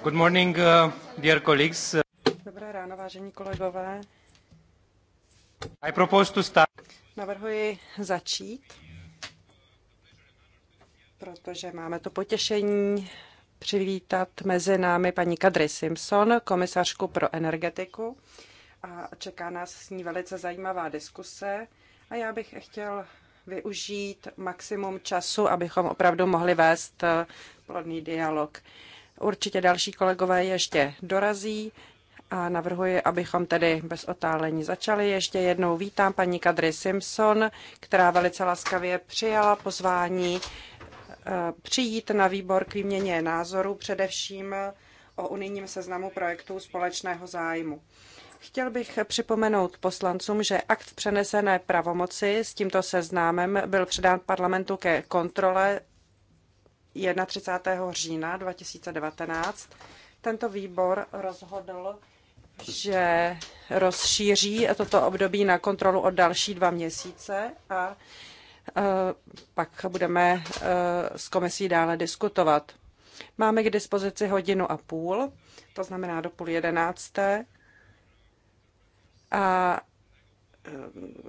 Good morning, uh, dear colleagues. Dobré ráno, vážení kolegové. I propose to start. Navrhuji začít, protože máme to potěšení přivítat mezi námi paní Kadri Simpson, komisařku pro energetiku. A čeká nás s ní velice zajímavá diskuse. A já bych chtěl využít maximum času, abychom opravdu mohli vést uh, plodný dialog. Určitě další kolegové ještě dorazí a navrhuji, abychom tedy bez otálení začali. Ještě jednou vítám paní Kadry Simpson, která velice laskavě přijala pozvání eh, přijít na výbor k výměně názorů, především o unijním seznamu projektů společného zájmu. Chtěl bych připomenout poslancům, že akt přenesené pravomoci s tímto seznámem byl předán parlamentu ke kontrole 31. října 2019 tento výbor rozhodl, že rozšíří toto období na kontrolu o další dva měsíce a e, pak budeme e, s komisí dále diskutovat. Máme k dispozici hodinu a půl, to znamená do půl jedenácté. A e,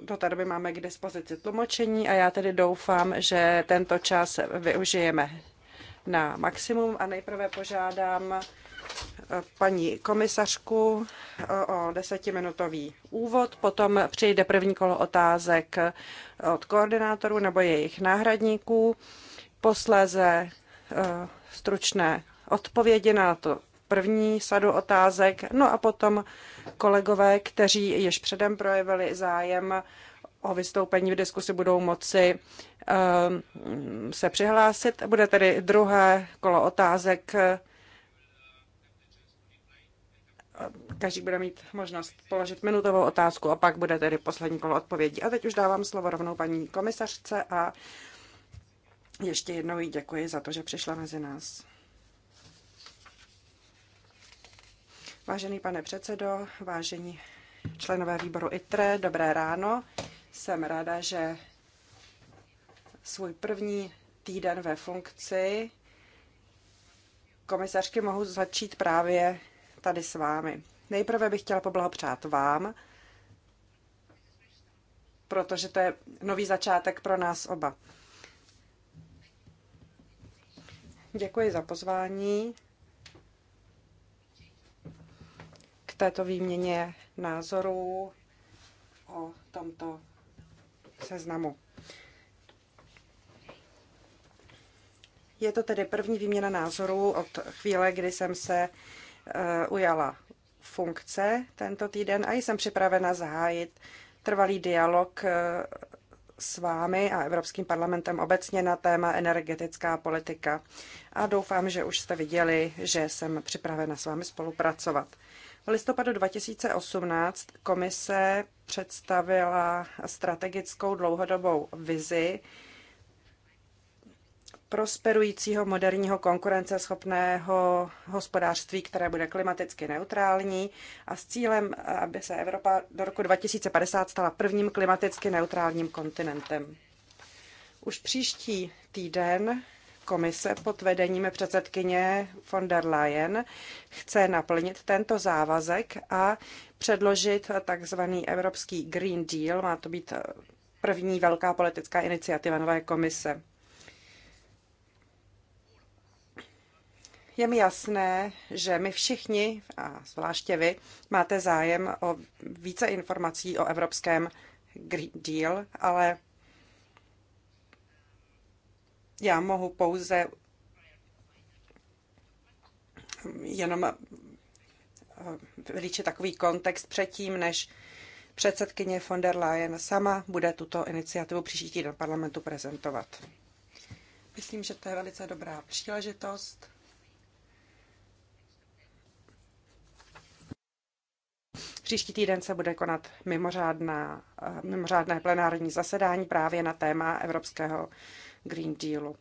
do té doby máme k dispozici tlumočení a já tedy doufám, že tento čas využijeme na maximum a nejprve požádám eh, paní komisařku eh, o desetiminutový úvod, potom přijde první kolo otázek eh, od koordinátorů nebo jejich náhradníků, posléze stručné odpovědi na to první sadu otázek, no a potom kolegové, kteří již předem projevili zájem o vystoupení v diskusi budou moci ehm, se přihlásit. Bude tedy druhé kolo otázek. Každý bude mít možnost položit minutovou otázku a pak bude tedy poslední kolo odpovědí. A teď už dávám slovo rovnou paní komisařce a ještě jednou jí děkuji za to, že přišla mezi nás. Vážený pane předsedo, vážení členové výboru ITRE, dobré ráno. Jsem ráda, že svůj první týden ve funkci komisařky mohu začít právě tady s vámi. Nejprve bych chtěla poblahopřát vám, protože to je nový začátek pro nás oba. Děkuji za pozvání k této výměně názorů o tomto seznamu. Je to tedy první výměna názorů od chvíle, kdy jsem se eh, ujala funkce tento týden a jsem připravena zahájit trvalý dialog eh, s vámi a Evropským parlamentem obecně na téma energetická politika. A doufám, že už jste viděli, že jsem připravena s vámi spolupracovat. V listopadu 2018 komise představila strategickou dlouhodobou vizi prosperujícího, moderního, konkurenceschopného hospodářství, které bude klimaticky neutrální a s cílem, aby se Evropa do roku 2050 stala prvním klimaticky neutrálním kontinentem. Už příští týden komise pod vedením předsedkyně von der Leyen chce naplnit tento závazek a předložit takzvaný Evropský Green Deal. Má to být první velká politická iniciativa nové komise. Je mi jasné, že my všichni, a zvláště vy, máte zájem o více informací o Evropském Green Deal, ale já mohu pouze jenom vylíčit eh, takový kontext předtím, než předsedkyně von der Leyen sama bude tuto iniciativu příští týden parlamentu prezentovat. Myslím, že to je velice dobrá příležitost. Příští týden se bude konat mimořádná, eh, mimořádné plenární zasedání právě na téma Evropského Green Dealu.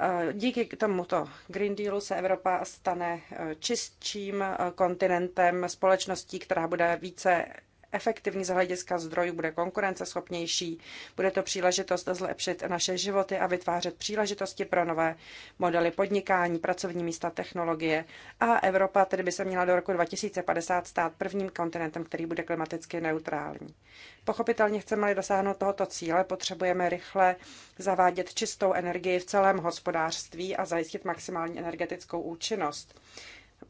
Eh, díky tomuto Green Dealu se Evropa stane eh, čistším eh, kontinentem společností, která bude více efektivní z hlediska zdrojů, bude konkurenceschopnější, bude to příležitost zlepšit naše životy a vytvářet příležitosti pro nové modely podnikání, pracovní místa, technologie. A Evropa tedy by se měla do roku 2050 stát prvním kontinentem, který bude klimaticky neutrální. Pochopitelně chceme-li dosáhnout tohoto cíle, potřebujeme rychle zavádět čistou energii v celém hospodářství a zajistit maximální energetickou účinnost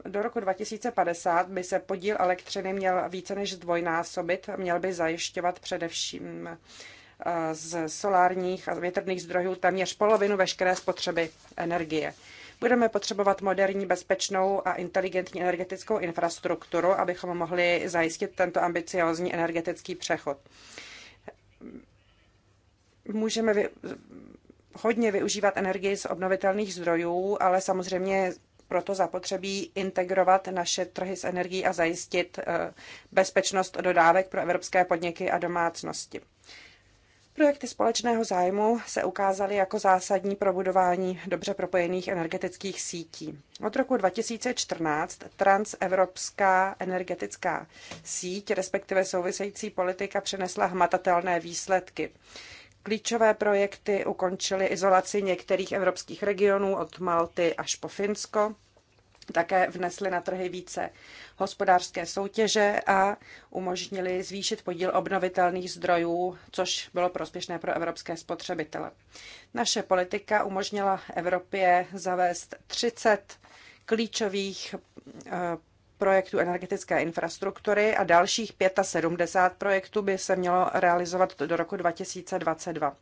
do roku 2050 by se podíl elektřiny měl více než zdvojnásobit, měl by zajišťovat především eh, z solárních a větrných zdrojů téměř polovinu veškeré spotřeby energie. Budeme potřebovat moderní, bezpečnou a inteligentní energetickou infrastrukturu, abychom mohli zajistit tento ambiciózní energetický přechod. Můžeme vy, hodně využívat energii z obnovitelných zdrojů, ale samozřejmě proto zapotřebí integrovat naše trhy s energií a zajistit eh, bezpečnost dodávek pro evropské podniky a domácnosti. Projekty společného zájmu se ukázaly jako zásadní pro budování dobře propojených energetických sítí. Od roku 2014 transevropská energetická síť, respektive související politika, přinesla hmatatelné výsledky. Klíčové projekty ukončily izolaci některých evropských regionů od Malty až po Finsko. Také vnesly na trhy více hospodářské soutěže a umožnili zvýšit podíl obnovitelných zdrojů, což bylo prospěšné pro evropské spotřebitele. Naše politika umožnila Evropě zavést 30 klíčových eh, projektů energetické infrastruktury a dalších 75 projektů by se mělo realizovat do roku 2022.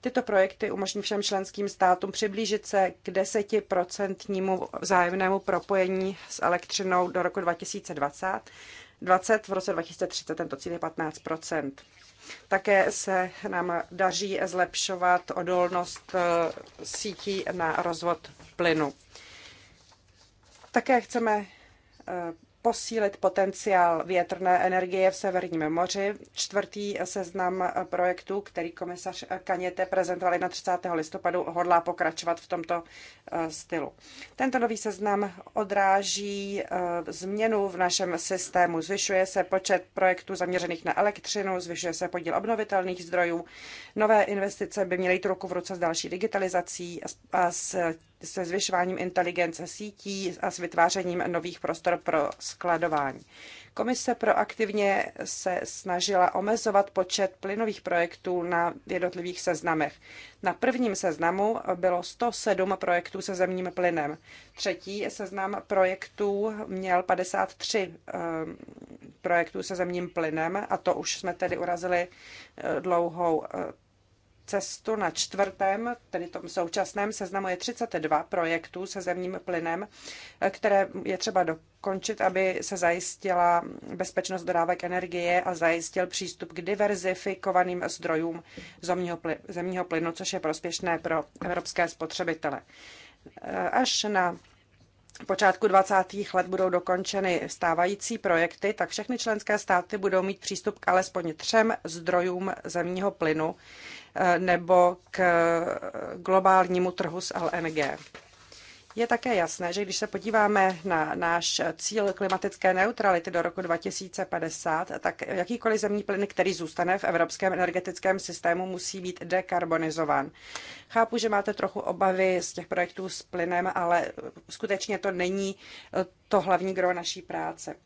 Tyto projekty umožní všem členským státům přiblížit se k desetiprocentnímu vzájemnému propojení s elektřinou do roku 2020. 20 v roce 2030 tento cíl je 15 také se nám daří zlepšovat odolnost eh, sítí na rozvod plynu. Také chceme posílit potenciál větrné energie v Severním moři. Čtvrtý seznam projektů, který komisař Kaněte prezentoval na 30. listopadu, hodlá pokračovat v tomto eh, stylu. Tento nový seznam odráží eh, změnu v našem systému. Zvyšuje se počet projektů zaměřených na elektřinu, zvyšuje se podíl obnovitelných zdrojů. Nové investice by měly jít ruku v ruce s další digitalizací a s se zvyšováním inteligence sítí a s vytvářením nových prostor pro skladování. Komise proaktivně se snažila omezovat počet plynových projektů na jednotlivých seznamech. Na prvním seznamu bylo 107 projektů se zemním plynem. Třetí seznam projektů měl 53 eh, projektů se zemním plynem a to už jsme tedy urazili eh, dlouhou eh, cestu na čtvrtém, tedy tom současném seznamu je 32 projektů se zemním plynem, které je třeba dokončit, aby se zajistila bezpečnost dodávek energie a zajistil přístup k diverzifikovaným zdrojům zemního plynu, což je prospěšné pro evropské spotřebitele. Až na počátku 20. let budou dokončeny stávající projekty, tak všechny členské státy budou mít přístup k alespoň třem zdrojům zemního plynu nebo k globálnímu trhu s LNG. Je také jasné, že když se podíváme na náš cíl klimatické neutrality do roku 2050, tak jakýkoliv zemní plyn, který zůstane v evropském energetickém systému, musí být dekarbonizován. Chápu, že máte trochu obavy z těch projektů s plynem, ale skutečně to není to hlavní gro naší práce.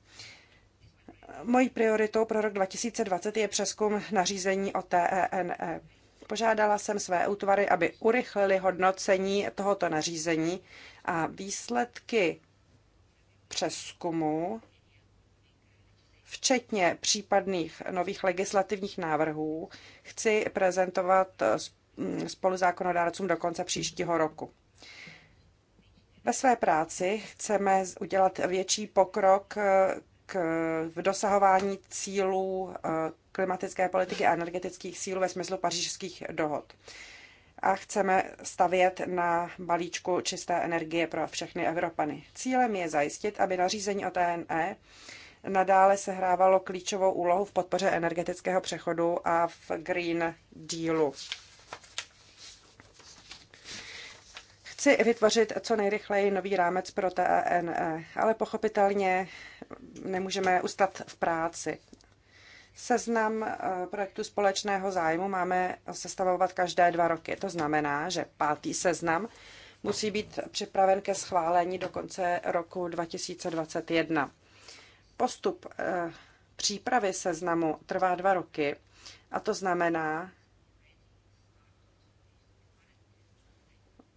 Mojí prioritou pro rok 2020 je přeskum nařízení o TENE. Požádala jsem své útvary, aby urychlili hodnocení tohoto nařízení a výsledky přeskumu, včetně případných nových legislativních návrhů, chci prezentovat spoluzákonodárcům do konce příštího roku. Ve své práci chceme udělat větší pokrok k, v dosahování cílů eh, klimatické politiky a energetických sílů ve smyslu pařížských dohod. A chceme stavět na balíčku čisté energie pro všechny Evropany. Cílem je zajistit, aby nařízení o TNE nadále sehrávalo klíčovou úlohu v podpoře energetického přechodu a v Green Dealu. Chci vytvořit co nejrychleji nový rámec pro TNE, ale pochopitelně nemůžeme ustat v práci. Seznam eh, projektu společného zájmu máme sestavovat každé dva roky. To znamená, že pátý seznam musí být připraven ke schválení do konce roku 2021. Postup eh, přípravy seznamu trvá dva roky a to znamená,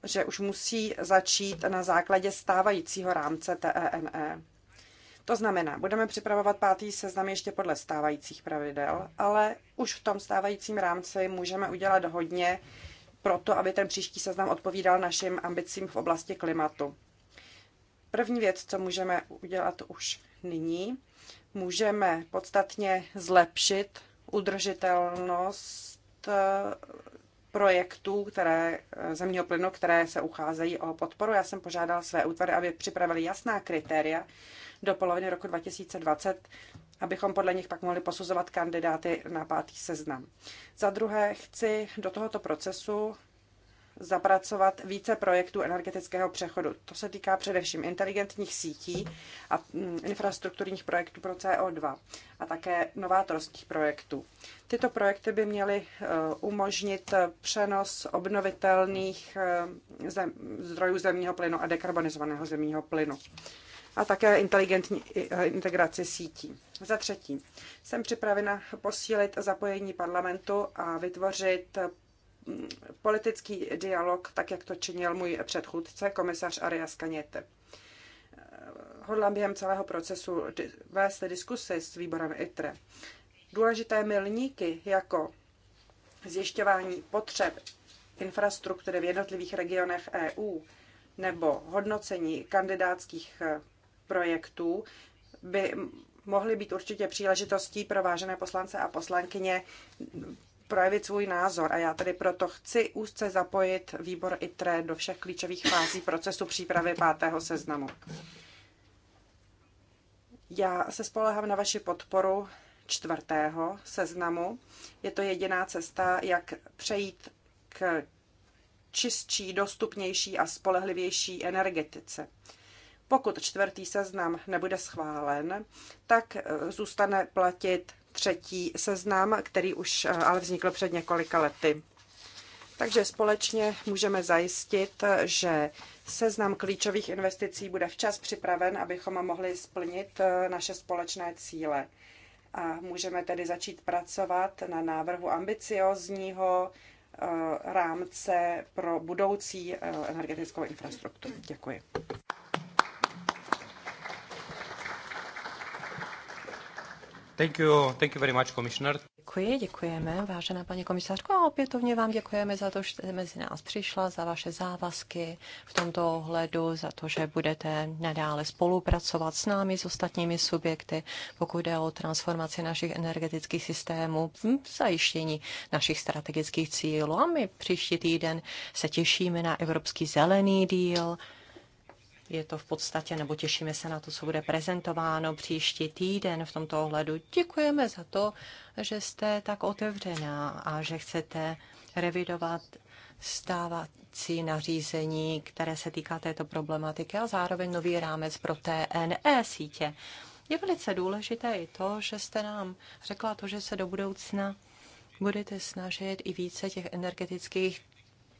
že už musí začít na základě stávajícího rámce TENE. To znamená, budeme připravovat pátý seznam ještě podle stávajících pravidel, ale už v tom stávajícím rámci můžeme udělat hodně pro to, aby ten příští seznam odpovídal našim ambicím v oblasti klimatu. První věc, co můžeme udělat už nyní, můžeme podstatně zlepšit udržitelnost eh, projektů které, eh, zemního plynu, které se ucházejí o podporu. Já jsem požádal své útvary, aby připravili jasná kritéria do poloviny roku 2020, abychom podle nich pak mohli posuzovat kandidáty na pátý seznam. Za druhé, chci do tohoto procesu zapracovat více projektů energetického přechodu. To se týká především inteligentních sítí a mm, infrastrukturních projektů pro CO2 a také novátorských projektů. Tyto projekty by měly e, umožnit přenos obnovitelných e, zdrojů zemního plynu a dekarbonizovaného zemního plynu a také inteligentní eh, integraci sítí. Za třetí, jsem připravena posílit zapojení parlamentu a vytvořit mm, politický dialog, tak jak to činil můj předchůdce, komisař Arias Kaněte. Eh, hodlám během celého procesu vést diskusy s výborem ITRE. Důležité milníky jako zjišťování potřeb infrastruktury v jednotlivých regionech EU nebo hodnocení kandidátských eh, projektů by mohly být určitě příležitostí pro vážené poslance a poslankyně projevit svůj názor. A já tedy proto chci úzce zapojit výbor ITRE do všech klíčových fází procesu přípravy pátého seznamu. Já se spolehám na vaši podporu čtvrtého seznamu. Je to jediná cesta, jak přejít k čistší, dostupnější a spolehlivější energetice. Pokud čtvrtý seznam nebude schválen, tak e, zůstane platit třetí seznam, který už e, ale vznikl před několika lety. Takže společně můžeme zajistit, e, že seznam klíčových investicí bude včas připraven, abychom mohli splnit naše společné cíle. A můžeme tedy začít pracovat na návrhu ambiciozního rámce pro budoucí energetickou infrastrukturu. Děkuji. Thank you, thank you very much, Commissioner. Děkuji, děkujeme, vážená paní komisařko, a opětovně vám děkujeme za to, že jste mezi nás přišla, za vaše závazky v tomto ohledu, za to, že budete nadále spolupracovat s námi, s ostatními subjekty, pokud jde o transformaci našich energetických systémů, hm, zajištění našich strategických cílů. A my příští týden se těšíme na Evropský zelený díl, je to v podstatě, nebo těšíme se na to, co bude prezentováno příští týden v tomto ohledu. Děkujeme za to, že jste tak otevřená a že chcete revidovat stávací nařízení, které se týká této problematiky a zároveň nový rámec pro TNE sítě. Je velice důležité i to, že jste nám řekla to, že se do budoucna budete snažit i více těch energetických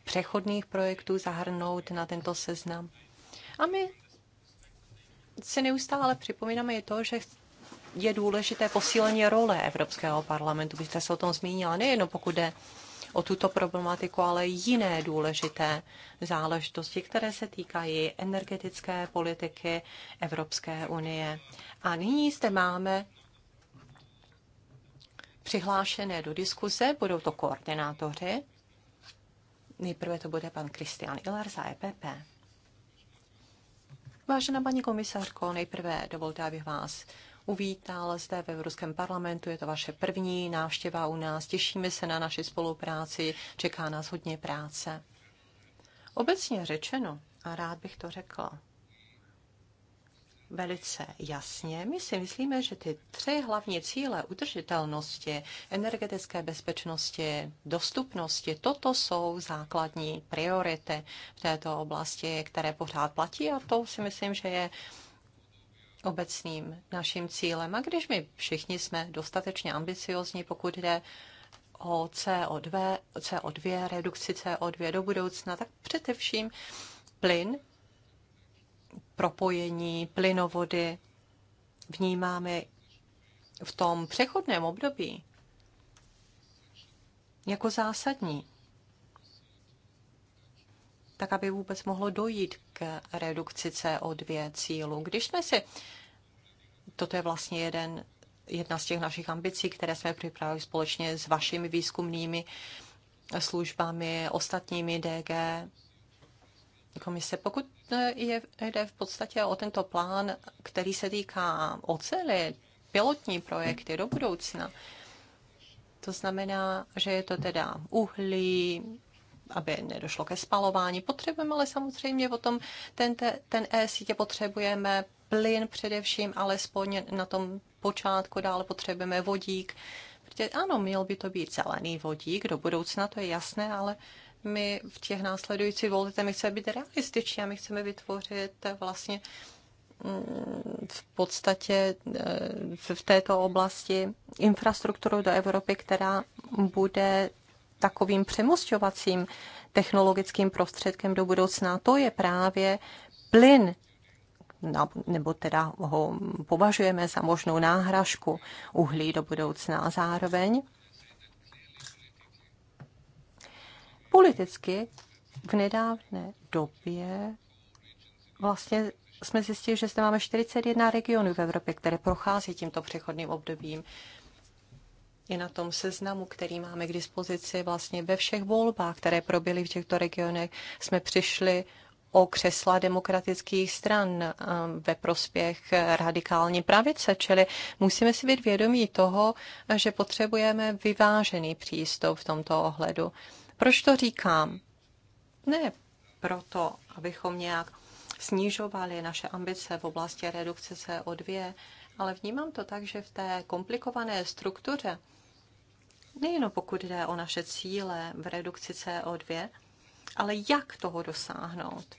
přechodných projektů zahrnout na tento seznam. A my si neustále připomínáme i to, že je důležité posílení role Evropského parlamentu. Vy jste se o tom zmínila, nejenom pokud jde o tuto problematiku, ale jiné důležité záležitosti, které se týkají energetické politiky Evropské unie. A nyní zde máme přihlášené do diskuse, budou to koordinátoři. Nejprve to bude pan Kristian Iler za EPP. Vážená paní komisařko, nejprve dovolte, abych vás uvítal zde ve Evropském parlamentu. Je to vaše první návštěva u nás. Těšíme se na naši spolupráci. Čeká nás hodně práce. Obecně řečeno, a rád bych to řekla, velice jasně. My si myslíme, že ty tři hlavní cíle udržitelnosti, energetické bezpečnosti, dostupnosti, toto jsou základní priority v této oblasti, které pořád platí a to si myslím, že je obecným naším cílem. A když my všichni jsme dostatečně ambiciozní, pokud jde o CO2, CO2, redukci CO2 do budoucna, tak především plyn propojení, plynovody. Vnímáme v tom přechodném období jako zásadní, tak aby vůbec mohlo dojít k redukci CO2 cílu. Když jsme si, toto je vlastně jeden, jedna z těch našich ambicí, které jsme připravili společně s vašimi výzkumnými službami, ostatními DG, komise. Pokud eh, je, jde v podstatě o tento plán, který se týká ocely, pilotní projekty do budoucna, to znamená, že je to teda uhlí, aby nedošlo ke spalování. Potřebujeme ale samozřejmě o tom ten, ten e-sítě potřebujeme plyn především, alespoň na tom počátku dále potřebujeme vodík. Protože ano, měl by to být zelený vodík, do budoucna to je jasné, ale my v těch následujících volitech, my chceme být realističní a my chceme vytvořit vlastně mm, v podstatě eh, v této oblasti infrastrukturu do Evropy, která bude takovým přemostovacím technologickým prostředkem do budoucna. To je právě plyn, nebo teda ho považujeme za možnou náhražku uhlí do budoucna. A zároveň Politicky v nedávné době vlastně jsme zjistili, že zde máme 41 regionů v Evropě, které prochází tímto přechodným obdobím. Je na tom seznamu, který máme k dispozici vlastně ve všech volbách, které proběhly v těchto regionech, jsme přišli o křesla demokratických stran um, ve prospěch radikální pravice. Čili musíme si být vědomí toho, že potřebujeme vyvážený přístup v tomto ohledu. Proč to říkám? Ne proto, abychom nějak snižovali naše ambice v oblasti redukce CO2, ale vnímám to tak, že v té komplikované struktuře, nejenom pokud jde o naše cíle v redukci CO2, ale jak toho dosáhnout.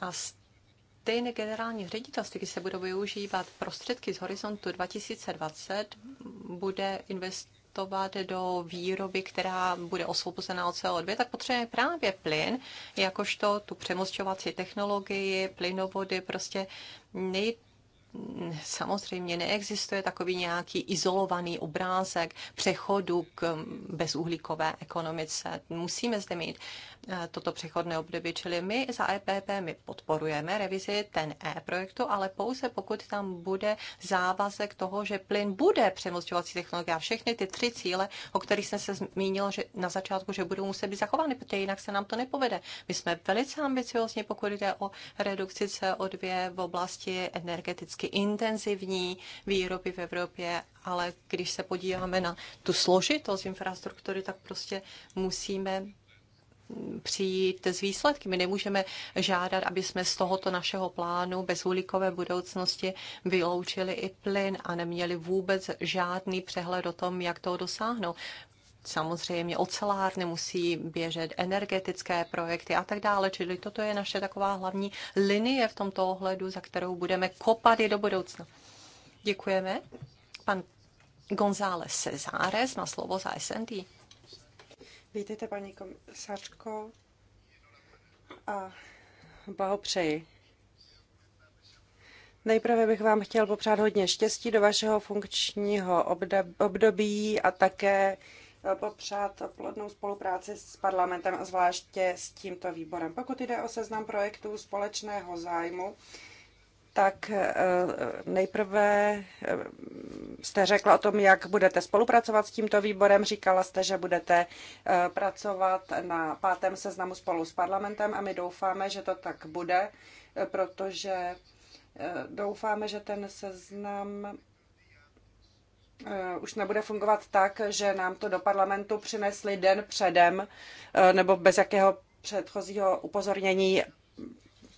A stejné generální ředitelství, když se budou využívat prostředky z horizontu 2020, bude investovat investovat do výroby, která bude osvobozená od CO2, tak potřebujeme právě plyn, jakožto tu přemostňovací technologii, plynovody, prostě nejde samozřejmě neexistuje takový nějaký izolovaný obrázek přechodu k bezuhlíkové ekonomice. Musíme zde mít eh, toto přechodné období, čili my za EPP my podporujeme revizi ten E-projektu, ale pouze pokud tam bude závazek toho, že plyn bude přemostňovací technologie a všechny ty tři cíle, o kterých jsem se zmínil že na začátku, že budou muset být zachovány, protože jinak se nám to nepovede. My jsme velice ambiciozní, pokud jde o redukci CO2 v oblasti energetické energeticky intenzivní výroby v Evropě, ale když se podíváme na tu složitost infrastruktury, tak prostě musíme přijít s výsledky. My nemůžeme žádat, aby jsme z tohoto našeho plánu bezulíkové budoucnosti vyloučili i plyn a neměli vůbec žádný přehled o tom, jak toho dosáhnout samozřejmě ocelárny musí běžet, energetické projekty a tak dále. Čili toto je naše taková hlavní linie v tomto ohledu, za kterou budeme kopat i do budoucna. Děkujeme. Pan González Cezárez má slovo za SND. Vítejte, paní komisařko, a blahopřeji. Nejprve bych vám chtěl popřát hodně štěstí do vašeho funkčního období a také popřát plodnou spolupráci s parlamentem, zvláště s tímto výborem. Pokud jde o seznam projektů společného zájmu, tak eh, nejprve eh, jste řekla o tom, jak budete spolupracovat s tímto výborem. Říkala jste, že budete eh, pracovat na pátém seznamu spolu s parlamentem a my doufáme, že to tak bude, protože doufáme, že ten seznam Eh, už nebude fungovat tak, že nám to do parlamentu přinesli den předem eh, nebo bez jakého předchozího upozornění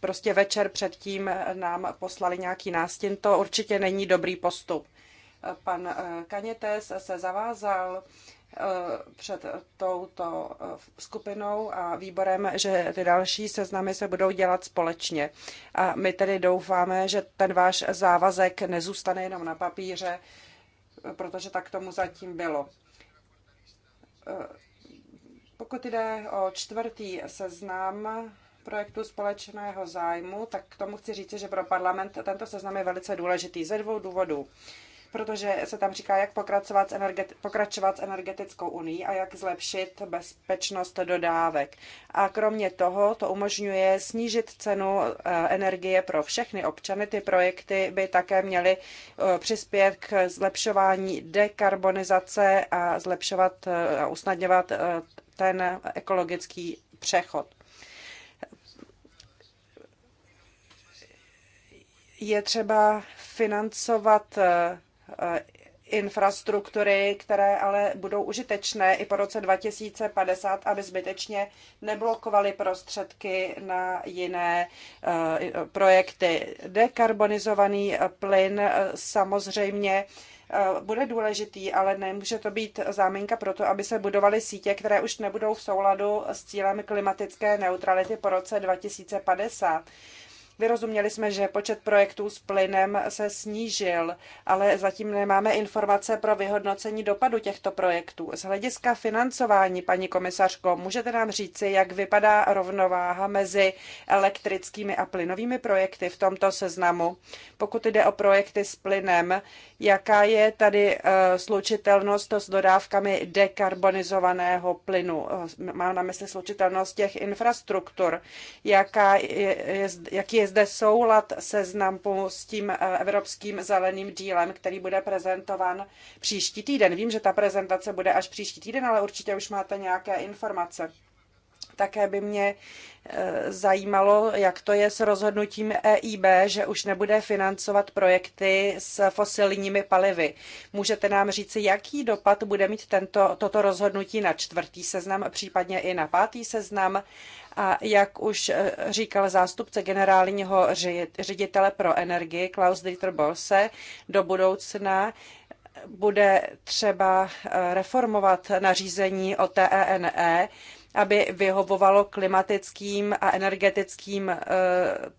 prostě večer předtím nám poslali nějaký nástin. To určitě není dobrý postup. Eh, pan Kanětes se zavázal před touto skupinou a výborem, že ty další seznamy se budou dělat společně. A my tedy doufáme, že ten váš závazek nezůstane jenom na papíře, protože tak tomu zatím bylo. Eh, pokud jde o čtvrtý seznam projektu společného zájmu, tak k tomu chci říct, že pro parlament tento seznam je velice důležitý ze dvou důvodů protože se tam říká, jak pokračovat s, energeti- pokračovat s energetickou unii a jak zlepšit bezpečnost dodávek. A kromě toho to umožňuje snížit cenu eh, energie pro všechny občany. Ty projekty by také měly eh, přispět k zlepšování dekarbonizace a zlepšovat eh, a usnadňovat ten ekologický přechod. je třeba financovat Eh, infrastruktury, které ale budou užitečné i po roce 2050, aby zbytečně neblokovaly prostředky na jiné eh, projekty. Dekarbonizovaný eh, plyn samozřejmě bude důležitý, ale nemůže to být záminka pro to, aby se budovaly sítě, které už nebudou v souladu s cílem klimatické neutrality po roce 2050. Vyrozuměli jsme, že počet projektů s plynem se snížil, ale zatím nemáme informace pro vyhodnocení dopadu těchto projektů. Z hlediska financování, paní komisařko, můžete nám říci, jak vypadá rovnováha mezi elektrickými a plynovými projekty v tomto seznamu? Pokud jde o projekty s plynem, jaká je tady eh, slučitelnost s dodávkami dekarbonizovaného plynu? Eh, Mám na mysli slučitelnost těch infrastruktur. Jaká je, jaký je je zde soulad seznamu s tím eh, evropským zeleným dílem, který bude prezentován příští týden. Vím, že ta prezentace bude až příští týden, ale určitě už máte nějaké informace. Také by mě eh, zajímalo, jak to je s rozhodnutím EIB, že už nebude financovat projekty s fosilními palivy. Můžete nám říci, jaký dopad bude mít tento, toto rozhodnutí na čtvrtý seznam, případně i na pátý seznam a jak už eh, říkal zástupce generálního ředitele pro energii Klaus Dieter Bolse, do budoucna bude třeba eh, reformovat nařízení o TENE, aby vyhovovalo klimatickým a energetickým eh,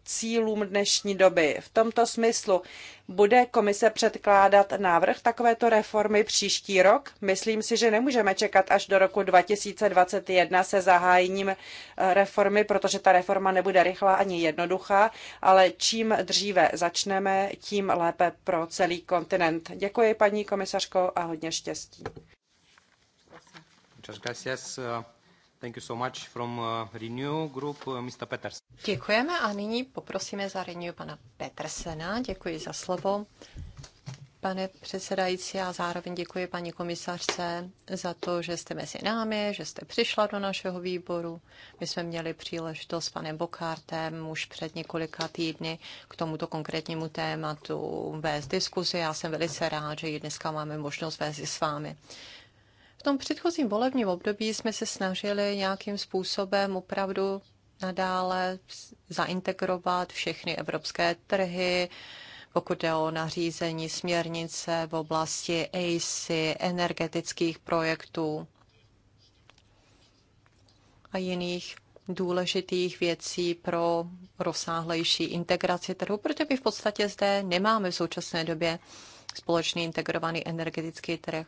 cílům dnešní doby. V tomto smyslu bude komise předkládat návrh takovéto reformy příští rok? Myslím si, že nemůžeme čekat až do roku 2021 se zahájením eh, reformy, protože ta reforma nebude rychlá ani jednoduchá, ale čím dříve začneme, tím lépe pro celý kontinent. Děkuji paní komisařko a hodně štěstí. Muchas gracias. Eh, Thank you so much from uh, Renew Group, uh, Mr. Peters. Děkujeme a nyní poprosíme za Renew pana Petersena. Děkuji za slovo pane předsedající, a zároveň děkuji paní komisařce za to, že jste mezi námi, že jste přišla do našeho výboru. My jsme měli příležitost s panem Bokartem už před několika týdny k tomuto konkrétnímu tématu vést diskuzi. Já jsem velice rád, že ji dneska máme možnost vést i s vámi tom předchozím volebním období jsme se snažili nějakým způsobem opravdu nadále zaintegrovat všechny evropské trhy, pokud jde o nařízení směrnice v oblasti ACI, energetických projektů a jiných důležitých věcí pro rozsáhlejší integraci trhu, protože my v podstatě zde nemáme v současné době společný integrovaný energetický trh.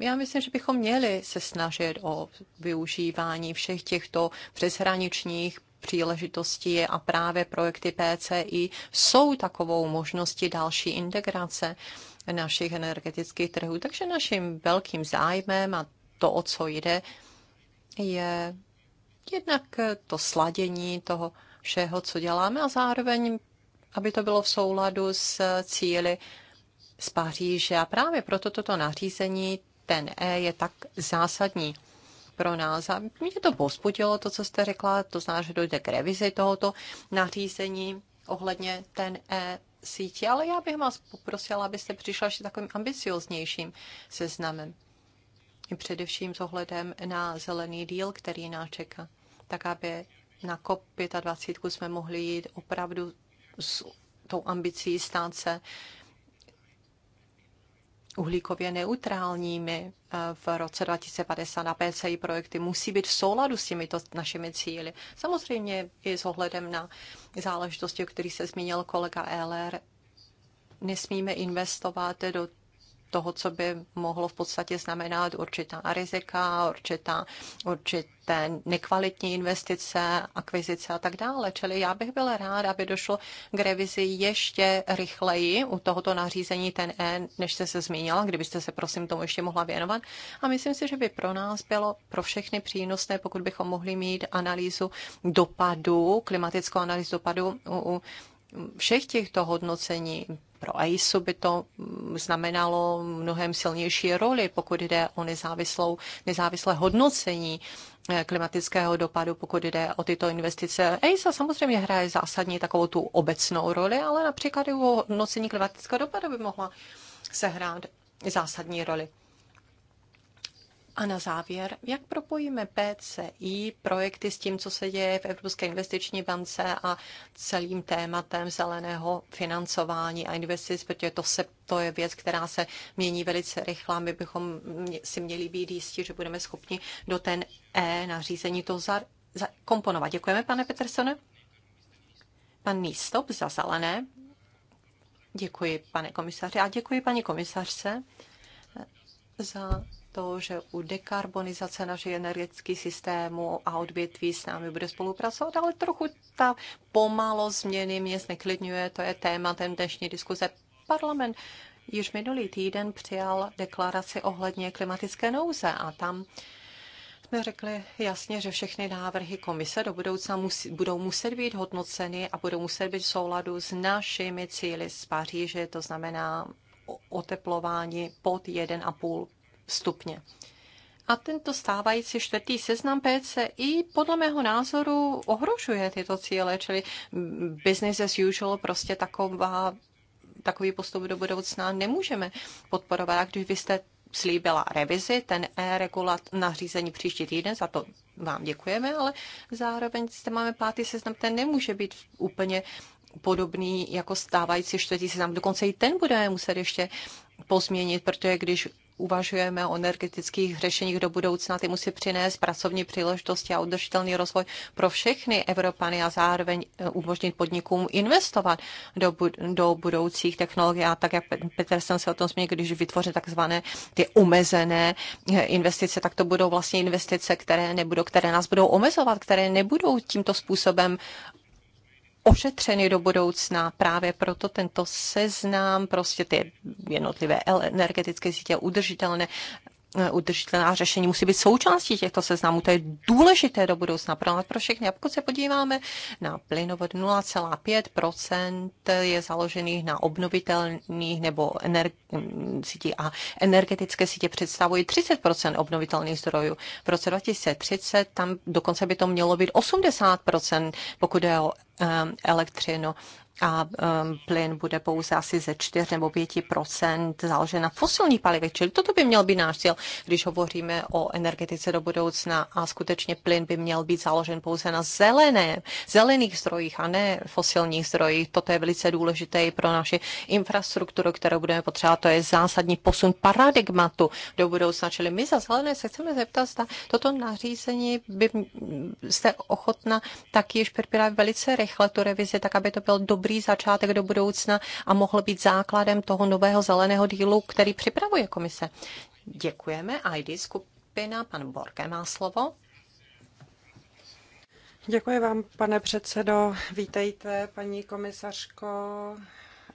Já myslím, že bychom měli se snažit o využívání všech těchto přeshraničních příležitosti a právě projekty PCI jsou takovou možností další integrace našich energetických trhů. Takže naším velkým zájmem a to, o co jde, je jednak to sladění toho všeho, co děláme a zároveň, aby to bylo v souladu s cíly z Paříže a právě proto toto nařízení, ten E, je tak zásadní pro nás. A mě to pospudilo, to, co jste řekla, to znamená, že dojde k revizi tohoto nařízení ohledně ten E sítě, ale já bych vás poprosila, abyste přišla ještě takovým ambicioznějším seznamem. I především s ohledem na zelený díl, který nás čeká. Tak, aby na COP25 jsme mohli jít opravdu s tou ambicí stát se uhlíkově neutrálními eh, v roce 2050 na PCI projekty musí být v souladu s těmito našimi cíly. Samozřejmě i s ohledem na záležitosti, o kterých se zmínil kolega Eller, nesmíme investovat do toho, co by mohlo v podstatě znamenat určitá rizika, určitá, určité nekvalitní investice, akvizice a tak dále. Čili já bych byla rád, aby došlo k revizi ještě rychleji u tohoto nařízení ten E, než jste se zmínila, kdybyste se prosím tomu ještě mohla věnovat. A myslím si, že by pro nás bylo pro všechny přínosné, pokud bychom mohli mít analýzu dopadu, klimatickou analýzu dopadu u, u všech těchto hodnocení pro AISu by to mm, znamenalo mnohem silnější roli, pokud jde o nezávislou, nezávislé hodnocení eh, klimatického dopadu, pokud jde o tyto investice. EISA samozřejmě hraje zásadní takovou tu obecnou roli, ale například i o hodnocení klimatického dopadu by mohla sehrát zásadní roli. A na závěr, jak propojíme PCI projekty s tím, co se děje v Evropské investiční bance a celým tématem zeleného financování a investic, protože to, se, to je věc, která se mění velice rychle. My bychom si měli být jistí, že budeme schopni do ten E nařízení to za, Děkujeme, pane Petersone. Pan Nýstop za zelené. Děkuji, pane komisaři, a děkuji paní komisařce za to, že u dekarbonizace našich energetických systémů a odvětví s námi bude spolupracovat, ale trochu ta pomalo změny mě zneklidňuje, to je tématem dnešní diskuze. Parlament již minulý týden přijal deklaraci ohledně klimatické nouze a tam jsme řekli jasně, že všechny návrhy komise do budoucna musí, budou muset být hodnoceny a budou muset být v souladu s našimi cíly z Paříže, to znamená oteplování pod 1,5 stupně. A tento stávající čtvrtý seznam PCI podle mého názoru ohrožuje tyto cíle, čili business as usual prostě taková, takový postup do budoucna nemůžeme podporovat. A když vy jste slíbila revizi, ten e-regulat nařízení příští týden, za to vám děkujeme, ale zároveň zde máme pátý seznam, ten nemůže být úplně podobný jako stávající čtvrtý seznam. Dokonce i ten budeme muset ještě pozměnit, protože když uvažujeme o energetických řešeních do budoucna, ty musí přinést pracovní příležitosti a udržitelný rozvoj pro všechny Evropany a zároveň eh, umožnit podnikům investovat do, bu- do budoucích technologií. A tak, jak Petr jsem se o tom zmínil, když vytvoří takzvané ty omezené eh, investice, tak to budou vlastně investice, které nebudou, které nás budou omezovat, které nebudou tímto způsobem ošetřeny do budoucna. Právě proto tento seznam, prostě ty jednotlivé energetické sítě udržitelné Eh, udržitelná řešení musí být součástí těchto seznamů. To je důležité do budoucna pro nás, pro všechny. A pokud se podíváme na plynovod 0,5 je založených na obnovitelných nebo ener- sítí a energetické sítě představují 30 obnovitelných zdrojů. V roce 2030 tam dokonce by to mělo být 80 pokud je o eh, elektřinu a um, plyn bude pouze asi ze 4 nebo 5 založen na fosilních palivech. Čili toto by měl být náš cíl, když hovoříme o energetice do budoucna a skutečně plyn by měl být založen pouze na zelené, zelených zdrojích a ne fosilních zdrojích. Toto je velice důležité i pro naši infrastrukturu, kterou budeme potřebovat. To je zásadní posun paradigmatu do budoucna. Čili my za zelené se chceme zeptat, zda toto nařízení by jste ochotna taky již velice rychle tu revizi, tak aby to byl dobrý dobrý začátek do budoucna a mohl být základem toho nového zeleného dílu, který připravuje komise. Děkujeme. ID skupina, pan Borke má slovo. Děkuji vám, pane předsedo. Vítejte, paní komisařko,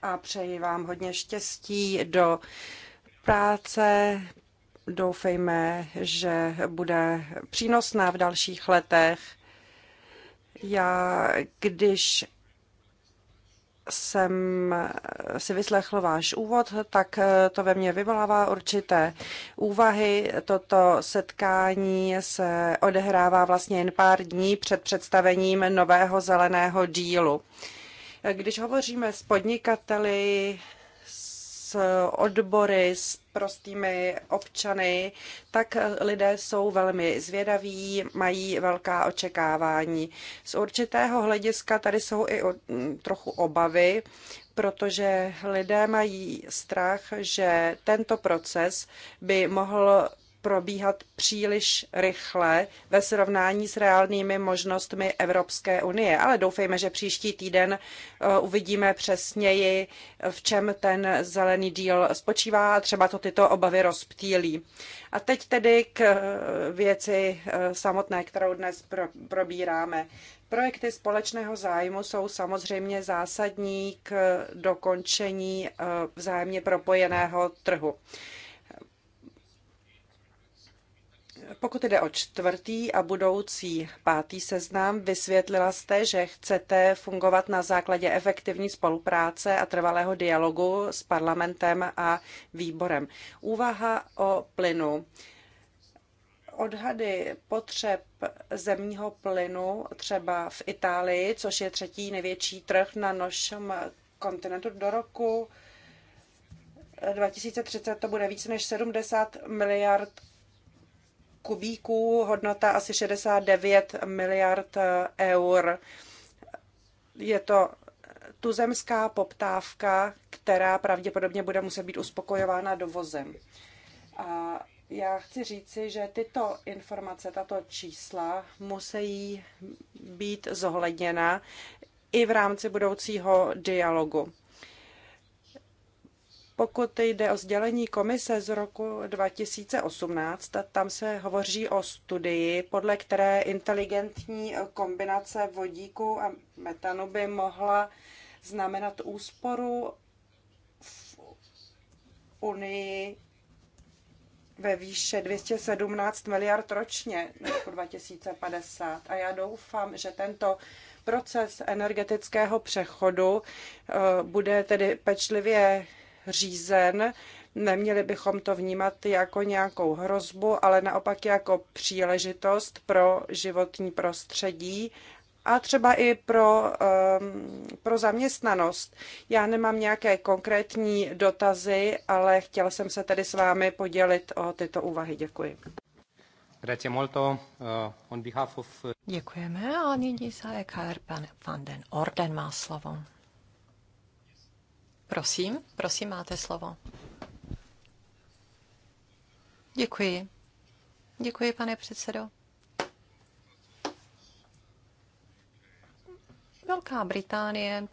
a přeji vám hodně štěstí do práce. Doufejme, že bude přínosná v dalších letech. Já, když jsem eh, si vyslechl váš úvod, tak eh, to ve mně vyvolává určité úvahy. Toto setkání se odehrává vlastně jen pár dní před představením nového zeleného dílu. Eh, když hovoříme s podnikateli, s odbory, s prostými občany, tak lidé jsou velmi zvědaví, mají velká očekávání. Z určitého hlediska tady jsou i mm, trochu obavy, protože lidé mají strach, že tento proces by mohl probíhat příliš rychle ve srovnání s reálnými možnostmi Evropské unie. Ale doufejme, že příští týden eh, uvidíme přesněji, v čem ten zelený díl spočívá a třeba to tyto obavy rozptýlí. A teď tedy k eh, věci eh, samotné, kterou dnes probíráme. Projekty společného zájmu jsou samozřejmě zásadní k dokončení vzájemně propojeného trhu. Pokud jde o čtvrtý a budoucí pátý seznam, vysvětlila jste, že chcete fungovat na základě efektivní spolupráce a trvalého dialogu s parlamentem a výborem. Úvaha o plynu. Odhady potřeb zemního plynu třeba v Itálii, což je třetí největší trh na našem kontinentu do roku 2030, to bude více než 70 miliard kubíků, hodnota asi 69 miliard eh, eur. Je to tuzemská poptávka, která pravděpodobně bude muset být uspokojována dovozem. A já chci říci, že tyto informace, tato čísla musí být zohledněna i v rámci budoucího dialogu. Pokud jde o sdělení komise z roku 2018, tam se hovoří o studii, podle které inteligentní kombinace vodíku a metanu by mohla znamenat úsporu v Unii ve výše 217 miliard ročně roku 2050. A já doufám, že tento proces energetického přechodu eh, bude tedy pečlivě řízen. Neměli bychom to vnímat jako nějakou hrozbu, ale naopak jako příležitost pro životní prostředí a třeba i pro, um, pro zaměstnanost. Já nemám nějaké konkrétní dotazy, ale chtěla jsem se tedy s vámi podělit o tyto úvahy. Děkuji. Eh, eh, Děkujeme a nyní se EKR pan van den Orden má slovo. Prosím, prosím, máte slovo. Děkuji. Děkuji, pane předsedo. Velká Británie,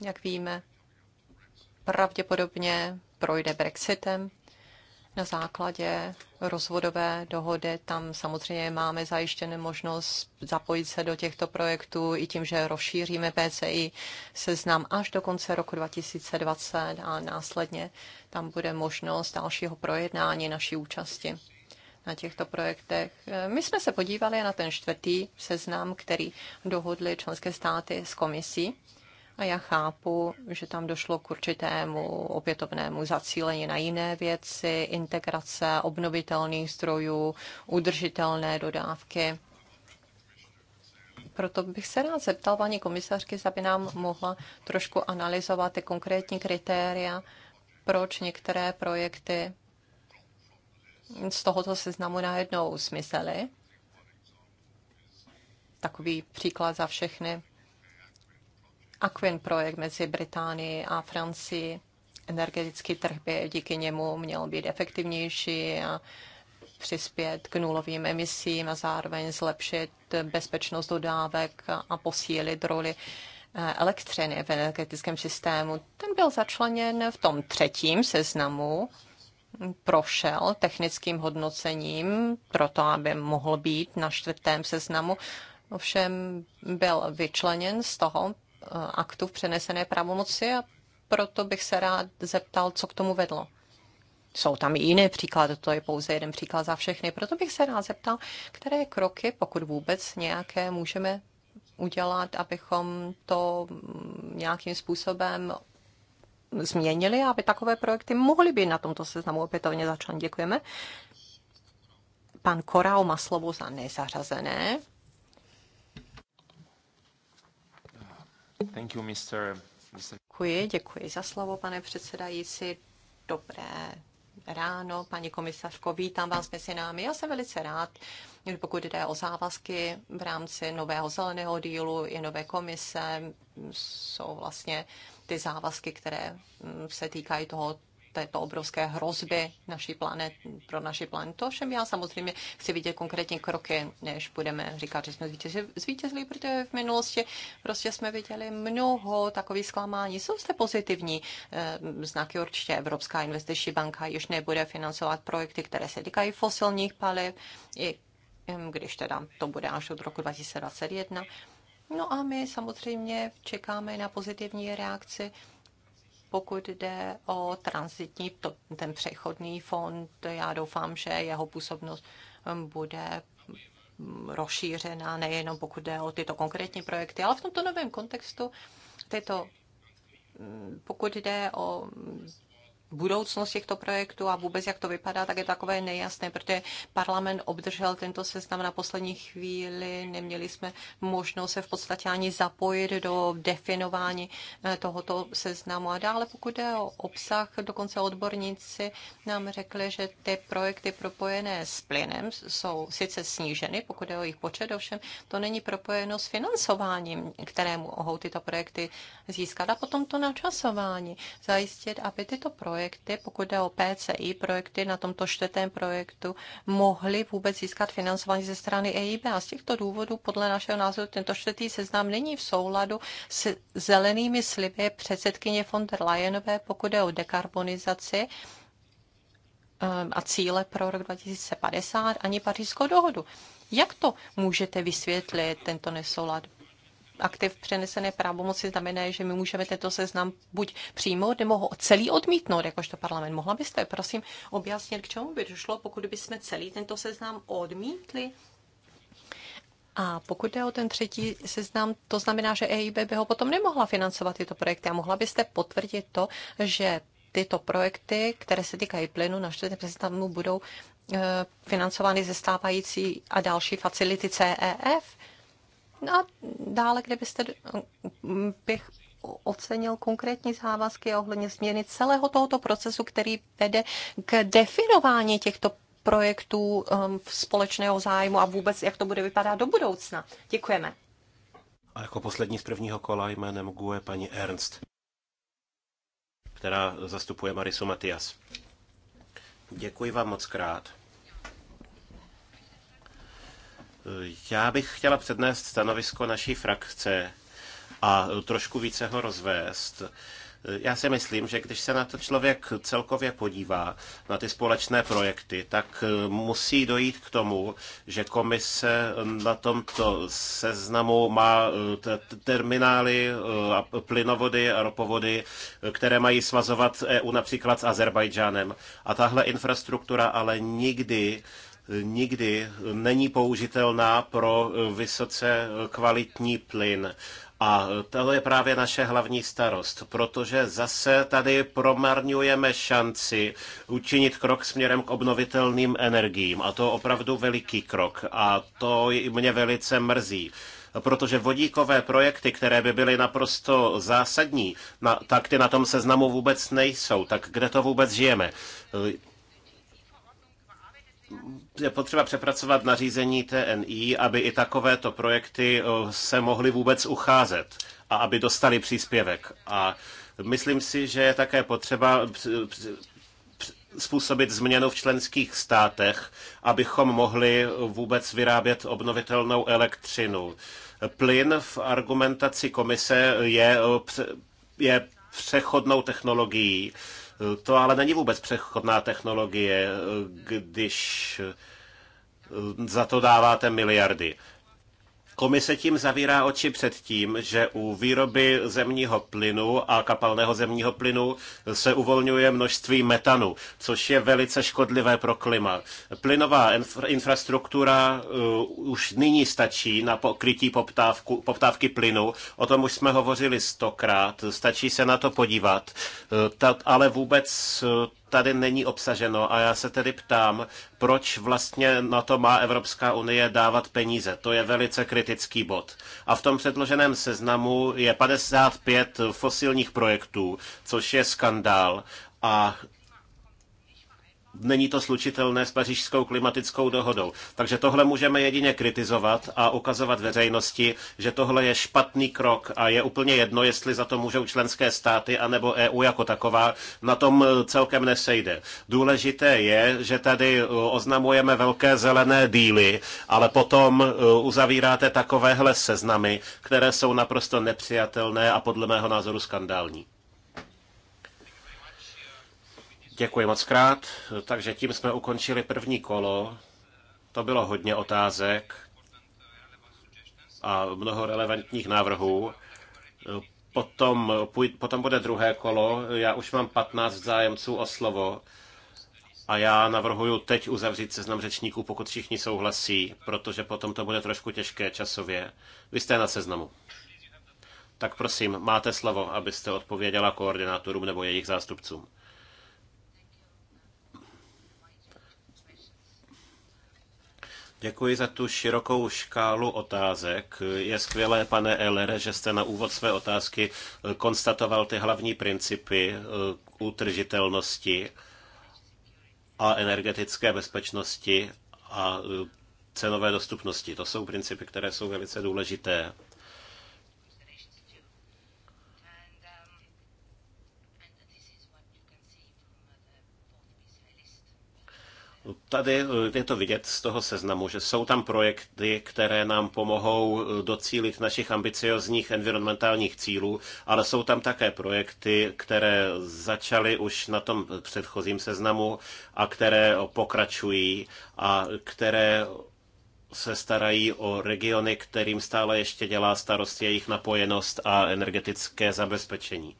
jak víme, pravděpodobně projde Brexitem na základě rozvodové dohody. Tam samozřejmě máme zajištěné možnost zapojit se do těchto projektů i tím, že rozšíříme PCI seznam až do konce roku 2020 a následně tam bude možnost dalšího projednání naší účasti na těchto projektech. My jsme se podívali na ten čtvrtý seznam, který dohodly členské státy s komisí a já chápu, že tam došlo k určitému opětovnému zacílení na jiné věci, integrace obnovitelných zdrojů, udržitelné dodávky. Proto bych se rád zeptal paní komisařky, aby nám mohla trošku analyzovat ty konkrétní kritéria, proč některé projekty z tohoto seznamu najednou smysely. Takový příklad za všechny Aquin projekt mezi Británií a Francií. Energetický trh by díky němu měl být efektivnější a přispět k nulovým emisím a zároveň zlepšit bezpečnost dodávek a posílit roli eh, elektřiny v energetickém systému. Ten byl začleněn v tom třetím seznamu, prošel technickým hodnocením, proto aby mohl být na čtvrtém seznamu, ovšem byl vyčleněn z toho Eh, aktu v přenesené pravomoci a proto bych se rád zeptal, co k tomu vedlo. Jsou tam i jiné příklady, to je pouze jeden příklad za všechny. Proto bych se rád zeptal, které kroky, pokud vůbec nějaké, můžeme udělat, abychom to nějakým způsobem změnili, aby takové projekty mohly být na tomto seznamu opětovně začlen. Děkujeme. Pan Korau má slovo za nezařazené. Děkuji, děkuji za slovo, pane předsedající. Dobré ráno, paní komisařko, vítám vás mezi námi. Já jsem velice rád, pokud jde o závazky v rámci nového zeleného dílu i nové komise, jsou vlastně ty závazky, které mm, se týkají toho této obrovské hrozby naší planet, pro naši planetu. Všem já samozřejmě chci vidět konkrétní kroky, než budeme říkat, že jsme zvítězili, zvítězili protože v minulosti prostě jsme viděli mnoho takových zklamání. Jsou zde pozitivní eh, znaky určitě. Evropská investiční banka již nebude financovat projekty, které se týkají fosilních paliv, i hm, když teda to bude až od roku 2021. No a my samozřejmě čekáme na pozitivní reakci pokud jde o transitní, to, ten přechodný fond, já doufám, že jeho působnost bude rozšířena nejenom pokud jde o tyto konkrétní projekty, ale v tomto novém kontextu tyto mm, pokud jde o budoucnost těchto projektů a vůbec jak to vypadá, tak je takové nejasné, protože parlament obdržel tento seznam na poslední chvíli, neměli jsme možnost se v podstatě ani zapojit do definování eh, tohoto seznamu. A dále, pokud jde o obsah, dokonce odborníci nám řekli, že ty projekty propojené s plynem jsou sice sníženy, pokud jde o jejich počet, ovšem to není propojeno s financováním, kterému mohou tyto projekty získat. A potom to načasování, zajistit, aby tyto projekty projekty, pokud jde o PCI projekty na tomto čtvrtém projektu, mohly vůbec získat financování ze strany EIB. A z těchto důvodů, podle našeho názoru, tento čtvrtý seznam není v souladu s zelenými sliby předsedkyně von der Leyenové, pokud jde o dekarbonizaci eh, a cíle pro rok 2050 ani pařížskou dohodu. Jak to můžete vysvětlit, tento nesoulad? aktiv přenesené právomoci znamená, že my můžeme tento seznam buď přijmout nebo ho celý odmítnout, jakožto parlament. Mohla byste, prosím, objasnit, k čemu by došlo, pokud bychom celý tento seznam odmítli? A pokud jde o ten třetí seznam, to znamená, že EIB by ho potom nemohla financovat tyto projekty. A mohla byste potvrdit to, že tyto projekty, které se týkají plynu na čtvrtém seznamu, budou eh, financovány ze stávající a další facility CEF? No a dále, kdybyste mm, bych ocenil konkrétní závazky ohledně změny celého tohoto procesu, který vede k definování těchto projektů v um, společného zájmu a vůbec, jak to bude vypadat do budoucna. Děkujeme. A jako poslední z prvního kola jménem GUE paní Ernst, která zastupuje Marisu Matias. Děkuji vám moc krát. Já bych chtěla přednést stanovisko naší frakce a trošku více ho rozvést. Já si myslím, že když se na to člověk celkově podívá, na ty společné projekty, tak eh, musí dojít k tomu, že komise eh, na tomto seznamu má eh, terminály a plynovody a ropovody, které mají svazovat EU například s Azerbajdžánem. A tahle infrastruktura ale nikdy nikdy není použitelná pro eh, vysoce kvalitní plyn. A to je právě naše hlavní starost, protože zase tady promarňujeme šanci učinit krok směrem k obnovitelným energiím. A to opravdu veliký krok. A to mě velice mrzí protože vodíkové projekty, které by byly naprosto zásadní, na, tak ty na tom seznamu vůbec nejsou. Tak kde to vůbec žijeme? je potřeba přepracovat nařízení TNI, aby i takovéto projekty eh, se mohly vůbec ucházet a aby dostali příspěvek. A myslím si, že je také potřeba způsobit změnu v členských státech, abychom mohli vůbec vyrábět obnovitelnou elektřinu. Plyn v argumentaci komise je, eh, je přechodnou technologií to ale není vůbec přechodná technologie, když za to dáváte miliardy. Komise tím zavírá oči před tím, že u výroby zemního plynu a kapalného zemního plynu se uvolňuje množství metanu, což je velice škodlivé pro klima. Plynová infrastruktura uh, už nyní stačí na pokrytí poptávku, poptávky plynu. O tom už jsme hovořili stokrát, stačí se na to podívat. Uh, ale vůbec uh, tady není obsaženo a já se tedy ptám, proč vlastně na to má Evropská unie dávat peníze. To je velice kritický bod. A v tom předloženém seznamu je 55 fosilních projektů, což je skandál. A není to slučitelné s pařížskou klimatickou dohodou. Takže tohle můžeme jedině kritizovat a ukazovat veřejnosti, že tohle je špatný krok a je úplně jedno, jestli za to můžou členské státy anebo EU jako taková, na tom eh, celkem nesejde. Důležité je, že tady eh, oznamujeme velké zelené díly, ale potom eh, uzavíráte takovéhle seznamy, které jsou naprosto nepřijatelné a podle mého názoru skandální. Děkuji moc krát. Takže tím jsme ukončili první kolo. To bylo hodně otázek a mnoho relevantních návrhů. Potom, potom bude druhé kolo. Já už mám 15 zájemců o slovo. A já navrhuju teď uzavřít seznam řečníků, pokud všichni souhlasí, protože potom to bude trošku těžké časově. Vy jste na seznamu. Tak prosím, máte slovo, abyste odpověděla koordinátorům nebo jejich zástupcům. Děkuji za tu širokou škálu otázek. Je skvělé, pane Elere, že jste na úvod své otázky eh, konstatoval ty hlavní principy útržitelnosti eh, a energetické bezpečnosti a eh, cenové dostupnosti. To jsou principy, které jsou velice důležité. Tady eh, je to vidět z toho seznamu, že jsou tam projekty, které nám pomohou eh, docílit našich ambiciozních environmentálních cílů, ale jsou tam také projekty, které začaly už na tom předchozím seznamu a které pokračují a které se starají o regiony, kterým stále ještě dělá starost jejich napojenost a energetické zabezpečení.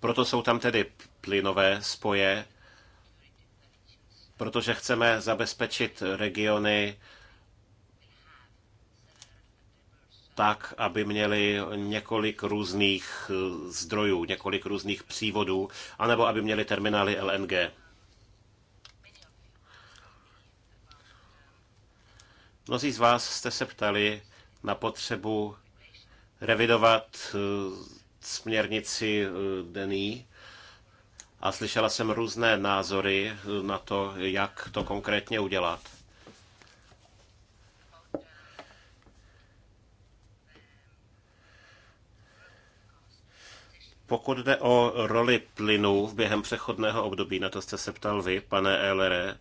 Proto jsou tam tedy plynové spoje, protože chceme zabezpečit regiony tak, aby měli několik různých eh, zdrojů, několik různých přívodů, anebo aby měli terminály LNG. Mnozí z vás jste se ptali na potřebu revidovat eh, směrnici eh, DENI a slyšela jsem různé názory na to, jak to konkrétně udělat. Pokud jde o roli plynu v během přechodného období, na to jste se ptal vy, pane Ehlere,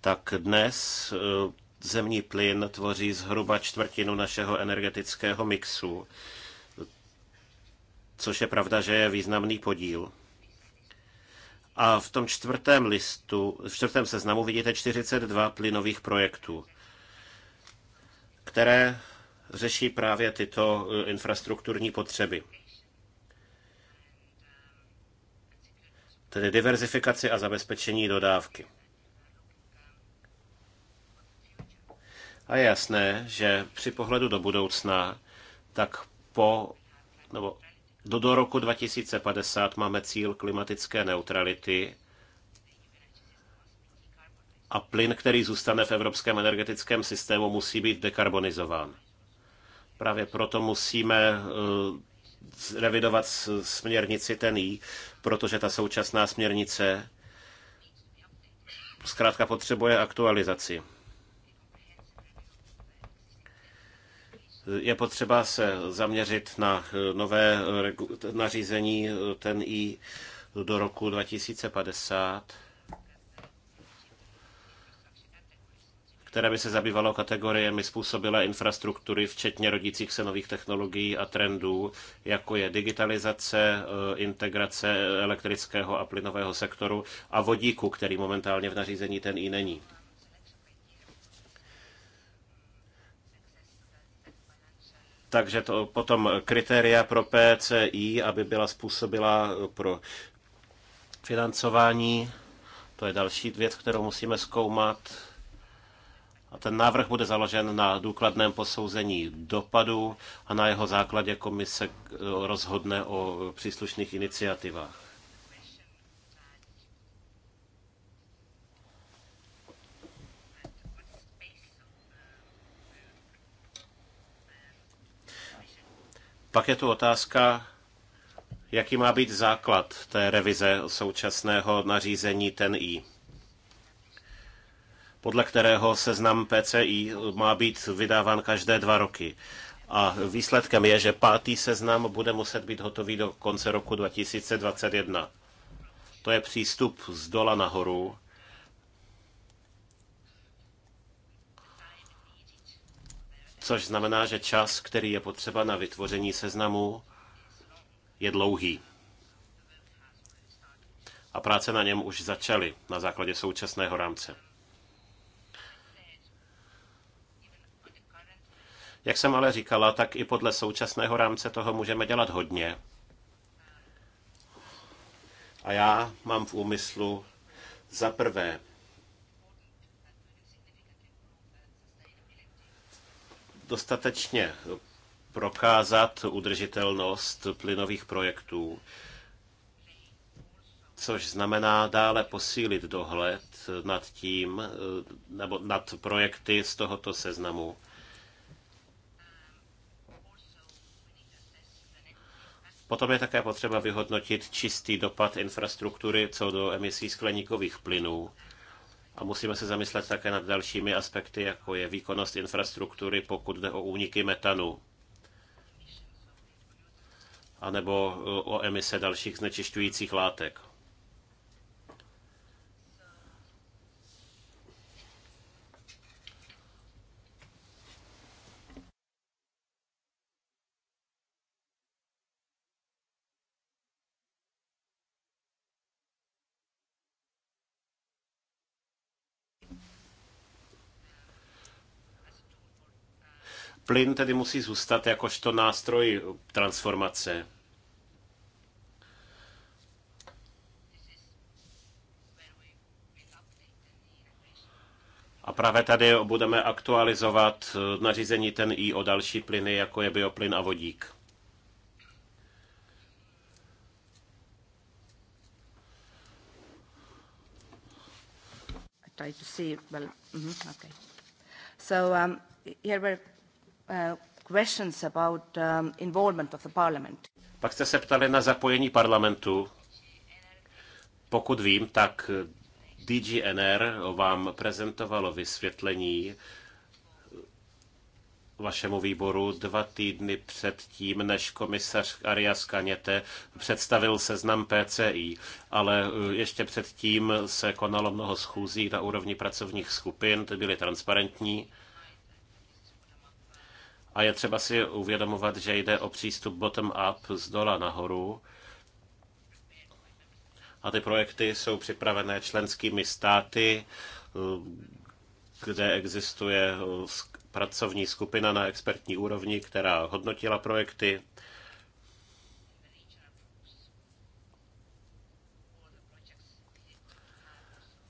tak dnes eh, zemní plyn tvoří zhruba čtvrtinu našeho energetického mixu což je pravda, že je významný podíl. A v tom čtvrtém listu, v čtvrtém seznamu vidíte 42 plynových projektů, které řeší právě tyto eh, infrastrukturní potřeby. Tedy diverzifikaci a zabezpečení dodávky. A je jasné, že při pohledu do budoucna, tak po, nebo do, do roku 2050 máme cíl klimatické neutrality a plyn, který zůstane v evropském energetickém systému, musí být dekarbonizován. Právě proto musíme eh, revidovat směrnici TENI, protože ta současná směrnice zkrátka potřebuje aktualizaci. je potřeba se zaměřit na eh, nové eh, nařízení eh, ten i do roku 2050, které by se zabývalo kategoriemi způsobilé infrastruktury, včetně rodících se nových technologií a trendů, jako je digitalizace, integrace elektrického a plynového sektoru a vodíku, který momentálně v nařízení ten i není. Takže to potom kritéria pro PCI, aby byla způsobila pro financování, to je další věc, kterou musíme zkoumat. A ten návrh bude založen na důkladném posouzení dopadu a na jeho základě komise rozhodne o příslušných iniciativách. Pak je tu otázka, jaký má být základ té revize současného nařízení ten I podle kterého seznam PCI má být vydáván každé dva roky. A výsledkem je, že pátý seznam bude muset být hotový do konce roku 2021. To je přístup z dola nahoru což znamená, že čas, který je potřeba na vytvoření seznamu, je dlouhý. A práce na něm už začaly na základě současného rámce. Jak jsem ale říkala, tak i podle současného rámce toho můžeme dělat hodně. A já mám v úmyslu za prvé dostatečně prokázat udržitelnost plynových projektů, což znamená dále posílit dohled nad tím, nebo nad projekty z tohoto seznamu. Potom je také potřeba vyhodnotit čistý dopad infrastruktury co do emisí skleníkových plynů a musíme se zamyslet také nad dalšími aspekty, jako je výkonnost infrastruktury, pokud jde o úniky metanu, anebo eh, o emise dalších znečišťujících látek. Plyn tedy musí zůstat jakožto nástroj transformace. A právě tady budeme aktualizovat eh, nařízení ten i o další plyny, jako je bioplyn a vodík. I try to see, well, mm-hmm, okay. So um, here we're Uh, questions about um, involvement of the parliament. Pak jste se ptali na zapojení parlamentu. Pokud vím, tak eh, DGNR vám prezentovalo vysvětlení eh, vašemu výboru dva týdny předtím, než komisař Arias Kaněte představil seznam PCI. Ale eh, ještě předtím se konalo mnoho schůzí na úrovni pracovních skupin, ty byly transparentní. A je třeba si uvědomovat, že jde o přístup bottom-up z dola nahoru. A ty projekty jsou připravené členskými státy, kde existuje pracovní skupina na expertní úrovni, která hodnotila projekty.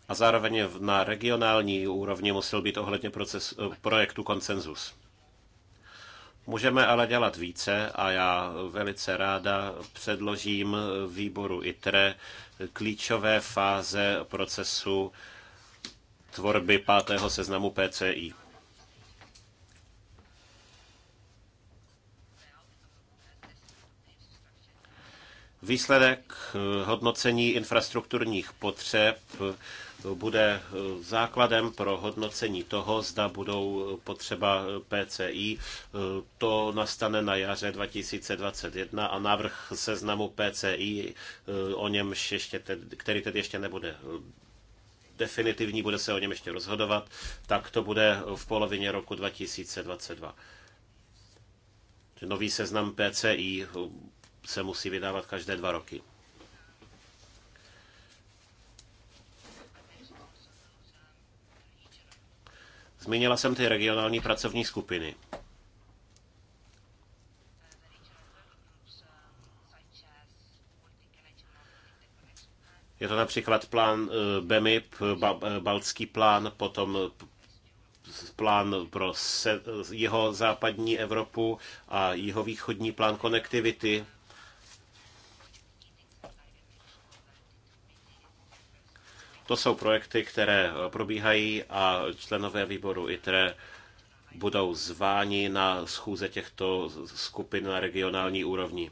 A zároveň na regionální úrovni musel být ohledně proces, projektu konsenzus. Můžeme ale dělat více a já velice ráda předložím výboru ITRE klíčové fáze procesu tvorby pátého seznamu PCI. Výsledek hodnocení infrastrukturních potřeb bude eh, základem pro hodnocení toho, zda budou eh, potřeba eh, PCI. To nastane na jaře 2021 a návrh seznamu PCI, o němž ještě te, který tedy ještě nebude definitivní, bude se o něm ještě rozhodovat, tak to bude v polovině roku 2022. Nový seznam PCI se musí vydávat každé dva roky. Zmínila jsem ty regionální pracovní skupiny. Je to například plán eh, BEMIP, eh, baltský plán, potom eh, plán pro jeho západní Evropu a jeho východní plán konektivity. To jsou projekty, které eh, probíhají a členové výboru ITRE budou zváni na schůze těchto skupin na regionální úrovni.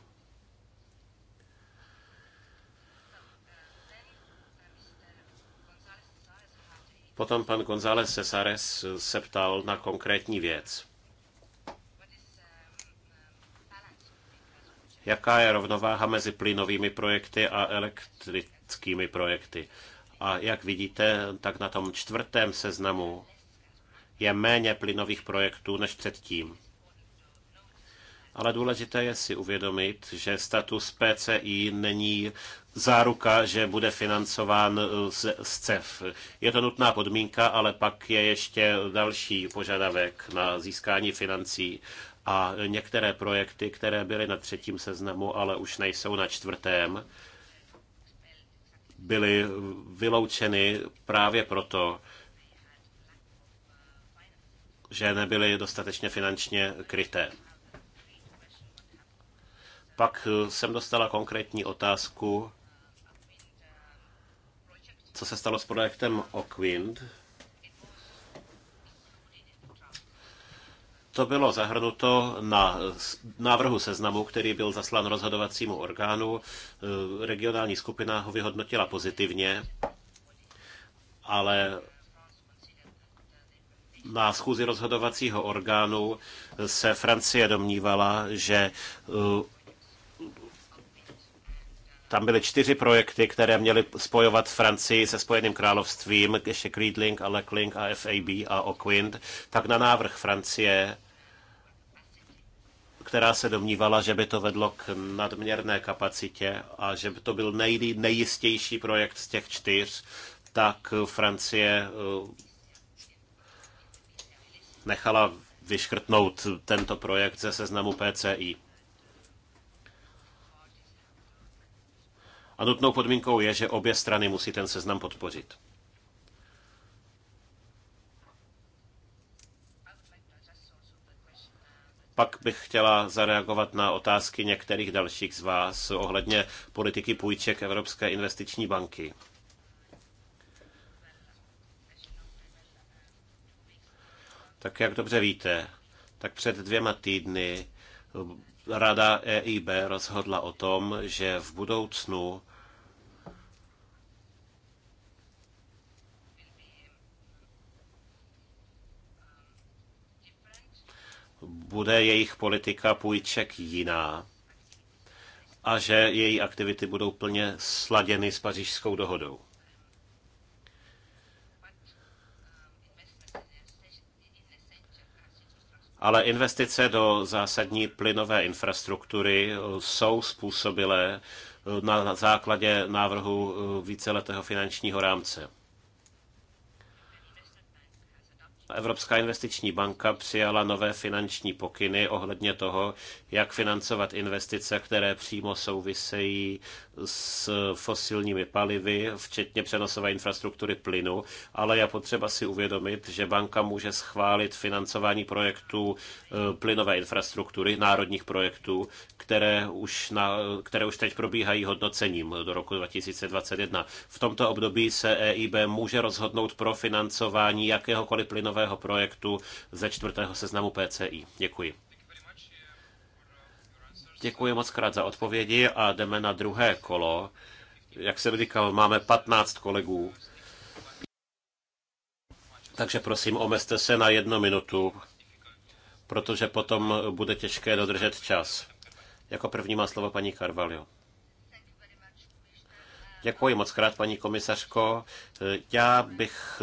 Potom pan González Cesares se ptal na konkrétní věc. Jaká je rovnováha mezi plynovými projekty a elektrickými projekty? A jak vidíte, tak na tom čtvrtém seznamu je méně plynových projektů než předtím. Ale důležité je si uvědomit, že status PCI není záruka, že bude financován eh, z, z CEF. Je to nutná podmínka, ale pak je ještě další požadavek na získání financí a některé projekty, které byly na třetím seznamu, ale už nejsou na čtvrtém, byly vyloučeny právě proto, že nebyly dostatečně finančně kryté. Pak jsem dostala konkrétní otázku, co se stalo s projektem Oquind. To bylo zahrnuto na návrhu seznamu, který byl zaslán rozhodovacímu orgánu. E, regionální skupina ho vyhodnotila pozitivně, ale na schůzi rozhodovacího orgánu se Francie domnívala, že e, tam byly čtyři projekty, které měly spojovat Francii se Spojeným královstvím, ještě Creedlink a Lecklink a FAB a Oquint, tak na návrh Francie která se domnívala, že by to vedlo k nadměrné kapacitě a že by to byl nej, nejistější projekt z těch čtyř, tak Francie eh, nechala vyškrtnout tento projekt ze seznamu PCI. A nutnou podmínkou je, že obě strany musí ten seznam podpořit. Pak bych chtěla zareagovat na otázky některých dalších z vás ohledně politiky půjček Evropské investiční banky. Tak jak dobře víte, tak před dvěma týdny Rada EIB rozhodla o tom, že v budoucnu bude jejich politika půjček jiná a že její aktivity budou plně sladěny s pařížskou dohodou. Ale investice do zásadní plynové infrastruktury eh, jsou způsobilé eh, na základě návrhu eh, víceletého finančního rámce. Evropská investiční banka přijala nové finanční pokyny ohledně toho, jak financovat investice, které přímo souvisejí s fosilními palivy, včetně přenosové infrastruktury plynu, ale je potřeba si uvědomit, že banka může schválit financování projektů eh, plynové infrastruktury, národních projektů, které už, na, které už teď probíhají hodnocením do roku 2021. V tomto období se EIB může rozhodnout pro financování jakéhokoliv plynového projektu ze čtvrtého seznamu PCI. Děkuji. Děkuji moc krát za odpovědi a jdeme na druhé kolo. Jak jsem říkal, máme 15 kolegů. Takže prosím, omezte se na jednu minutu, protože potom bude těžké dodržet čas. Jako první má slovo paní Carvalho. Děkuji moc krát, paní komisařko. Já bych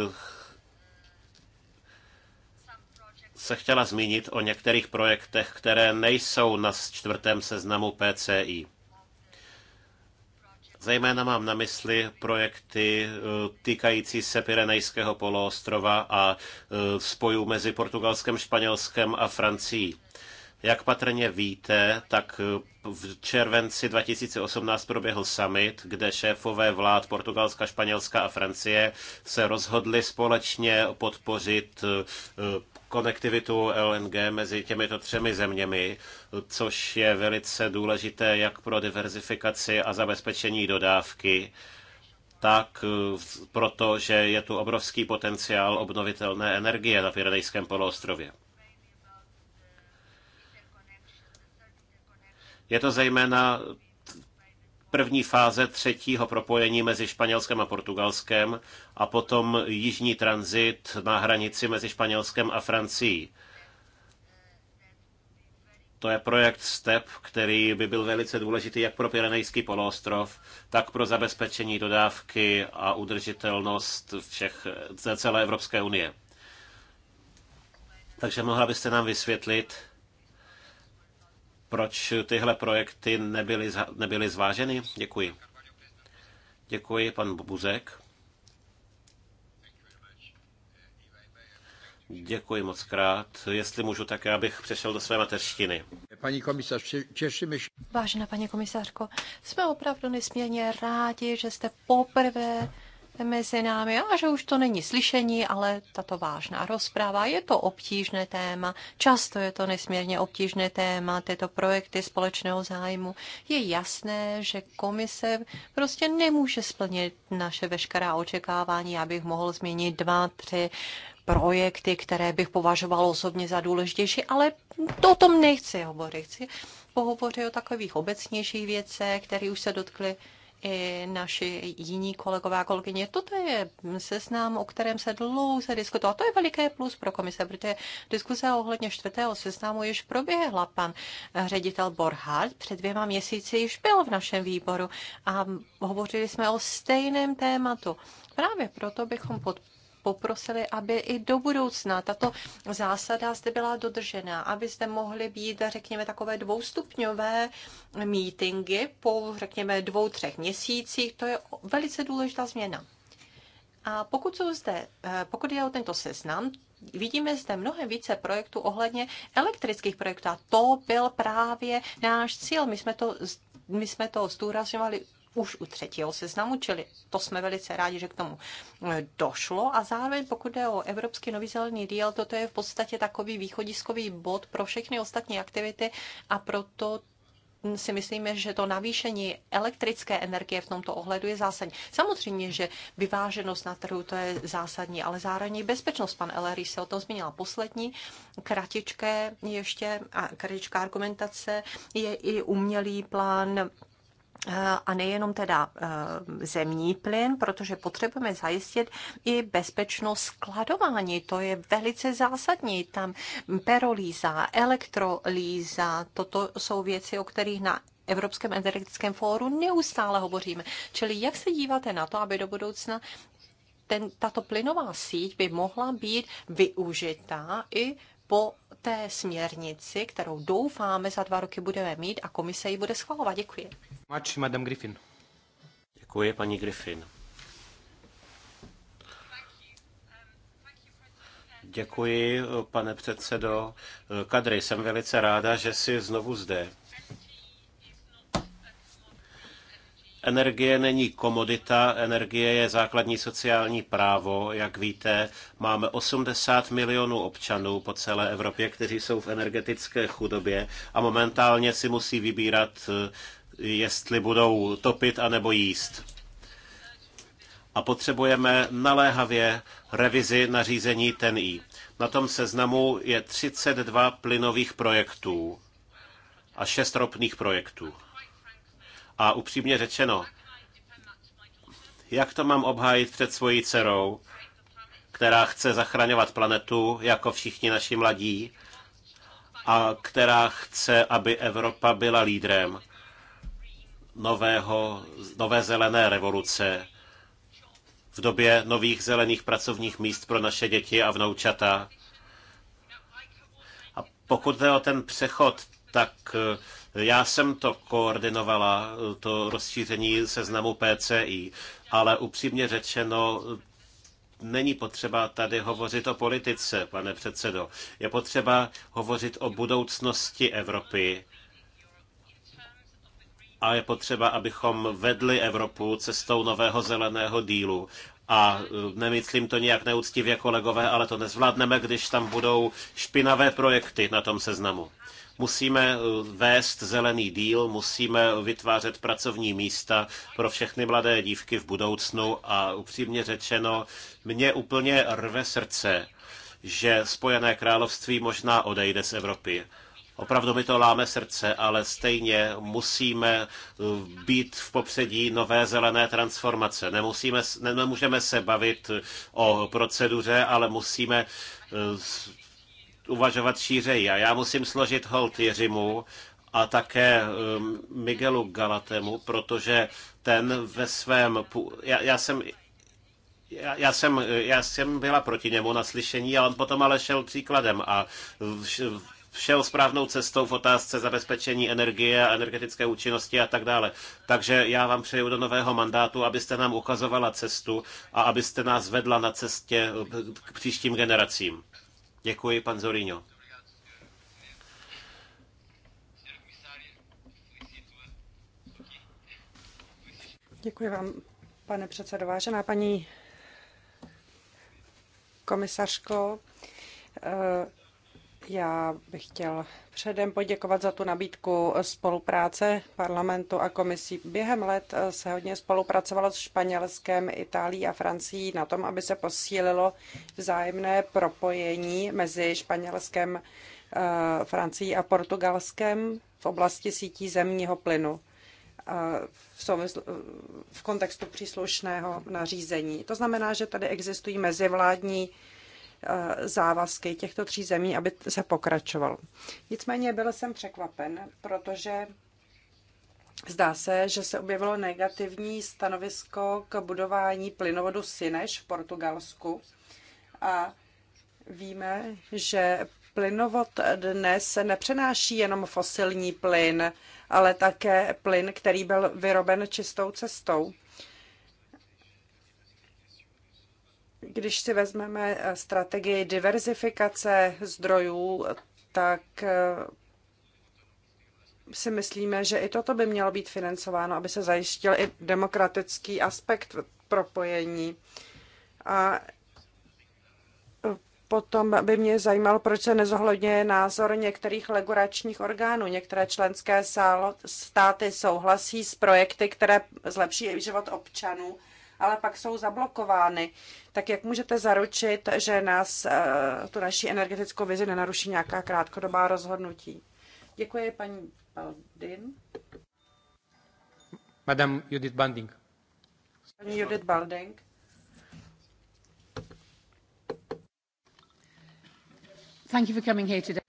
se chtěla zmínit o některých projektech, které nejsou na čtvrtém seznamu PCI. Zejména mám na mysli projekty eh, týkající se Pirenejského poloostrova a eh, spojů mezi Portugalskem, Španělskem a Francií. Jak patrně víte, tak eh, v červenci 2018 proběhl summit, kde šéfové vlád Portugalska, Španělska a Francie se rozhodli společně podpořit konektivitu LNG mezi těmito třemi zeměmi, což je velice důležité jak pro diverzifikaci a zabezpečení dodávky, tak eh, proto, že je tu obrovský potenciál obnovitelné energie na Pyrenejském poloostrově. Je to zejména první fáze třetího propojení mezi Španělskem a Portugalskem a potom jižní tranzit na hranici mezi Španělskem a Francií. To je projekt STEP, který by byl velice důležitý jak pro Pirenejský poloostrov, tak pro zabezpečení dodávky a udržitelnost všech, celé Evropské unie. Takže mohla byste nám vysvětlit, proč tyhle projekty nebyly, nebyly zváženy? Děkuji. Děkuji, pan Buzek. Děkuji moc krát. Jestli můžu, tak já bych přešel do své mateřštiny. Paní komisař, těšíme se. Vážená paní komisařko, jsme opravdu nesmírně rádi, že jste poprvé mezi námi a že už to není slyšení, ale tato vážná rozpráva. Je to obtížné téma, často je to nesmírně obtížné téma, tyto projekty společného zájmu. Je jasné, že komise prostě nemůže splnit naše veškerá očekávání. abych mohl změnit dva, tři projekty, které bych považoval osobně za důležitější, ale to o tom nechci hovořit. Chci pohovořit o takových obecnějších věcech, které už se dotkly i naši jiní kolegové a kolegyně. Toto je seznam, o kterém se dlouze diskutovalo. To je veliké plus pro komise, protože diskuse ohledně čtvrtého seznamu již proběhla. Pan ředitel Borhardt před dvěma měsíci již byl v našem výboru a hovořili jsme o stejném tématu. Právě proto bychom pod poprosili, aby i do budoucna tato zásada zde byla dodržena, aby zde mohly být, řekněme, takové dvoustupňové mítingy po, řekněme, dvou, třech měsících. To je velice důležitá změna. A pokud jsou zde, eh, pokud je o tento seznam, vidíme zde mnohem více projektů ohledně elektrických projektů. A to byl právě náš cíl. My jsme to my jsme to zdůrazňovali už u třetího seznamu, čili to jsme velice rádi, že k tomu eh, došlo. A zároveň, pokud jde o Evropský nový zelený díl, toto je v podstatě takový východiskový bod pro všechny ostatní aktivity a proto si myslíme, že to navýšení elektrické energie v tomto ohledu je zásadní. Samozřejmě, že vyváženost na trhu to je zásadní, ale zároveň i bezpečnost. Pan Ellery se o tom zmínila poslední. Kratičké ještě, a kratičká argumentace je i umělý plán Eh, a nejenom teda eh, zemní plyn, protože potřebujeme zajistit i bezpečnost skladování. To je velice zásadní. Tam perolíza, elektrolíza, toto jsou věci, o kterých na Evropském energetickém fóru neustále hovoříme. Čili jak se díváte na to, aby do budoucna ten, tato plynová síť by mohla být využitá i po té směrnici, kterou doufáme za dva roky budeme mít a komise ji bude schvalovat. Děkuji. Much, madam Griffin. Děkuji, paní Griffin. Děkuji, pane předsedo. Kadry, jsem velice ráda, že jsi znovu zde. Energie není komodita, energie je základní sociální právo. Jak víte, máme 80 milionů občanů po celé Evropě, kteří jsou v energetické chudobě a momentálně si musí vybírat jestli budou topit anebo jíst. A potřebujeme naléhavě revizi nařízení TEN-I. Na tom seznamu je 32 plynových projektů a 6 ropných projektů. A upřímně řečeno, jak to mám obhájit před svojí dcerou, která chce zachraňovat planetu, jako všichni naši mladí, a která chce, aby Evropa byla lídrem nového, nové zelené revoluce, v době nových zelených pracovních míst pro naše děti a vnoučata. A pokud jde o ten přechod, tak eh, já jsem to koordinovala, eh, to rozšíření seznamu PCI, ale upřímně řečeno, eh, není potřeba tady hovořit o politice, pane předsedo. Je potřeba hovořit o budoucnosti Evropy a je potřeba, abychom vedli Evropu cestou nového zeleného dílu. A eh, nemyslím to nějak neúctivě, kolegové, ale to nezvládneme, když tam budou špinavé projekty na tom seznamu. Musíme eh, vést zelený díl, musíme vytvářet pracovní místa pro všechny mladé dívky v budoucnu a upřímně řečeno, mě úplně rve srdce, že Spojené království možná odejde z Evropy Opravdu mi to láme srdce, ale stejně musíme eh, být v popředí nové zelené transformace. Nemusíme, nemůžeme se bavit eh, o proceduře, ale musíme eh, uvažovat šířeji. A já musím složit hold Jiřimu a také Miguelu Galatemu, protože ten ve svém... Já, já jsem já, já, jsem, já jsem byla proti němu na slyšení a on potom ale šel příkladem a šel správnou cestou v otázce zabezpečení energie a energetické účinnosti a tak dále. Takže já vám přeju do nového mandátu, abyste nám ukazovala cestu a abyste nás vedla na cestě eh, k příštím generacím. Děkuji, pan Zorino. Děkuji vám, pane předsedo. Vážená paní komisařko, eh, já bych chtěl předem poděkovat za tu nabídku spolupráce parlamentu a komisí. Během let se hodně spolupracovalo s Španělskem, Itálií a Francií na tom, aby se posílilo vzájemné propojení mezi Španělskem, eh, Francií a Portugalskem v oblasti sítí zemního plynu eh, v, kontextu příslušného nařízení. To znamená, že tady existují mezivládní Eh, závazky těchto tří zemí, aby se pokračovalo. Nicméně byl jsem překvapen, protože Zdá se, že se objevilo negativní stanovisko k budování plynovodu Sineš v Portugalsku a víme, že plynovod dnes se nepřenáší jenom fosilní plyn, ale také plyn, který byl vyroben čistou cestou. Když si vezmeme eh, strategii diverzifikace zdrojů, tak eh, si myslíme, že i toto by mělo být financováno, aby se zajistil i demokratický aspekt propojení. A eh, potom by mě zajímalo, proč se nezohledňuje názor některých legoračních orgánů. Některé členské státy souhlasí s projekty, které zlepší život občanů, ale pak jsou zablokovány. Tak jak můžete zaručit, že nás, eh, tu naši energetickou vizi nenaruší nějaká krátkodobá rozhodnutí? Děkuji, paní Baldin. Madame Judith Banding. Paní Judith Balding. Thank you for coming here today.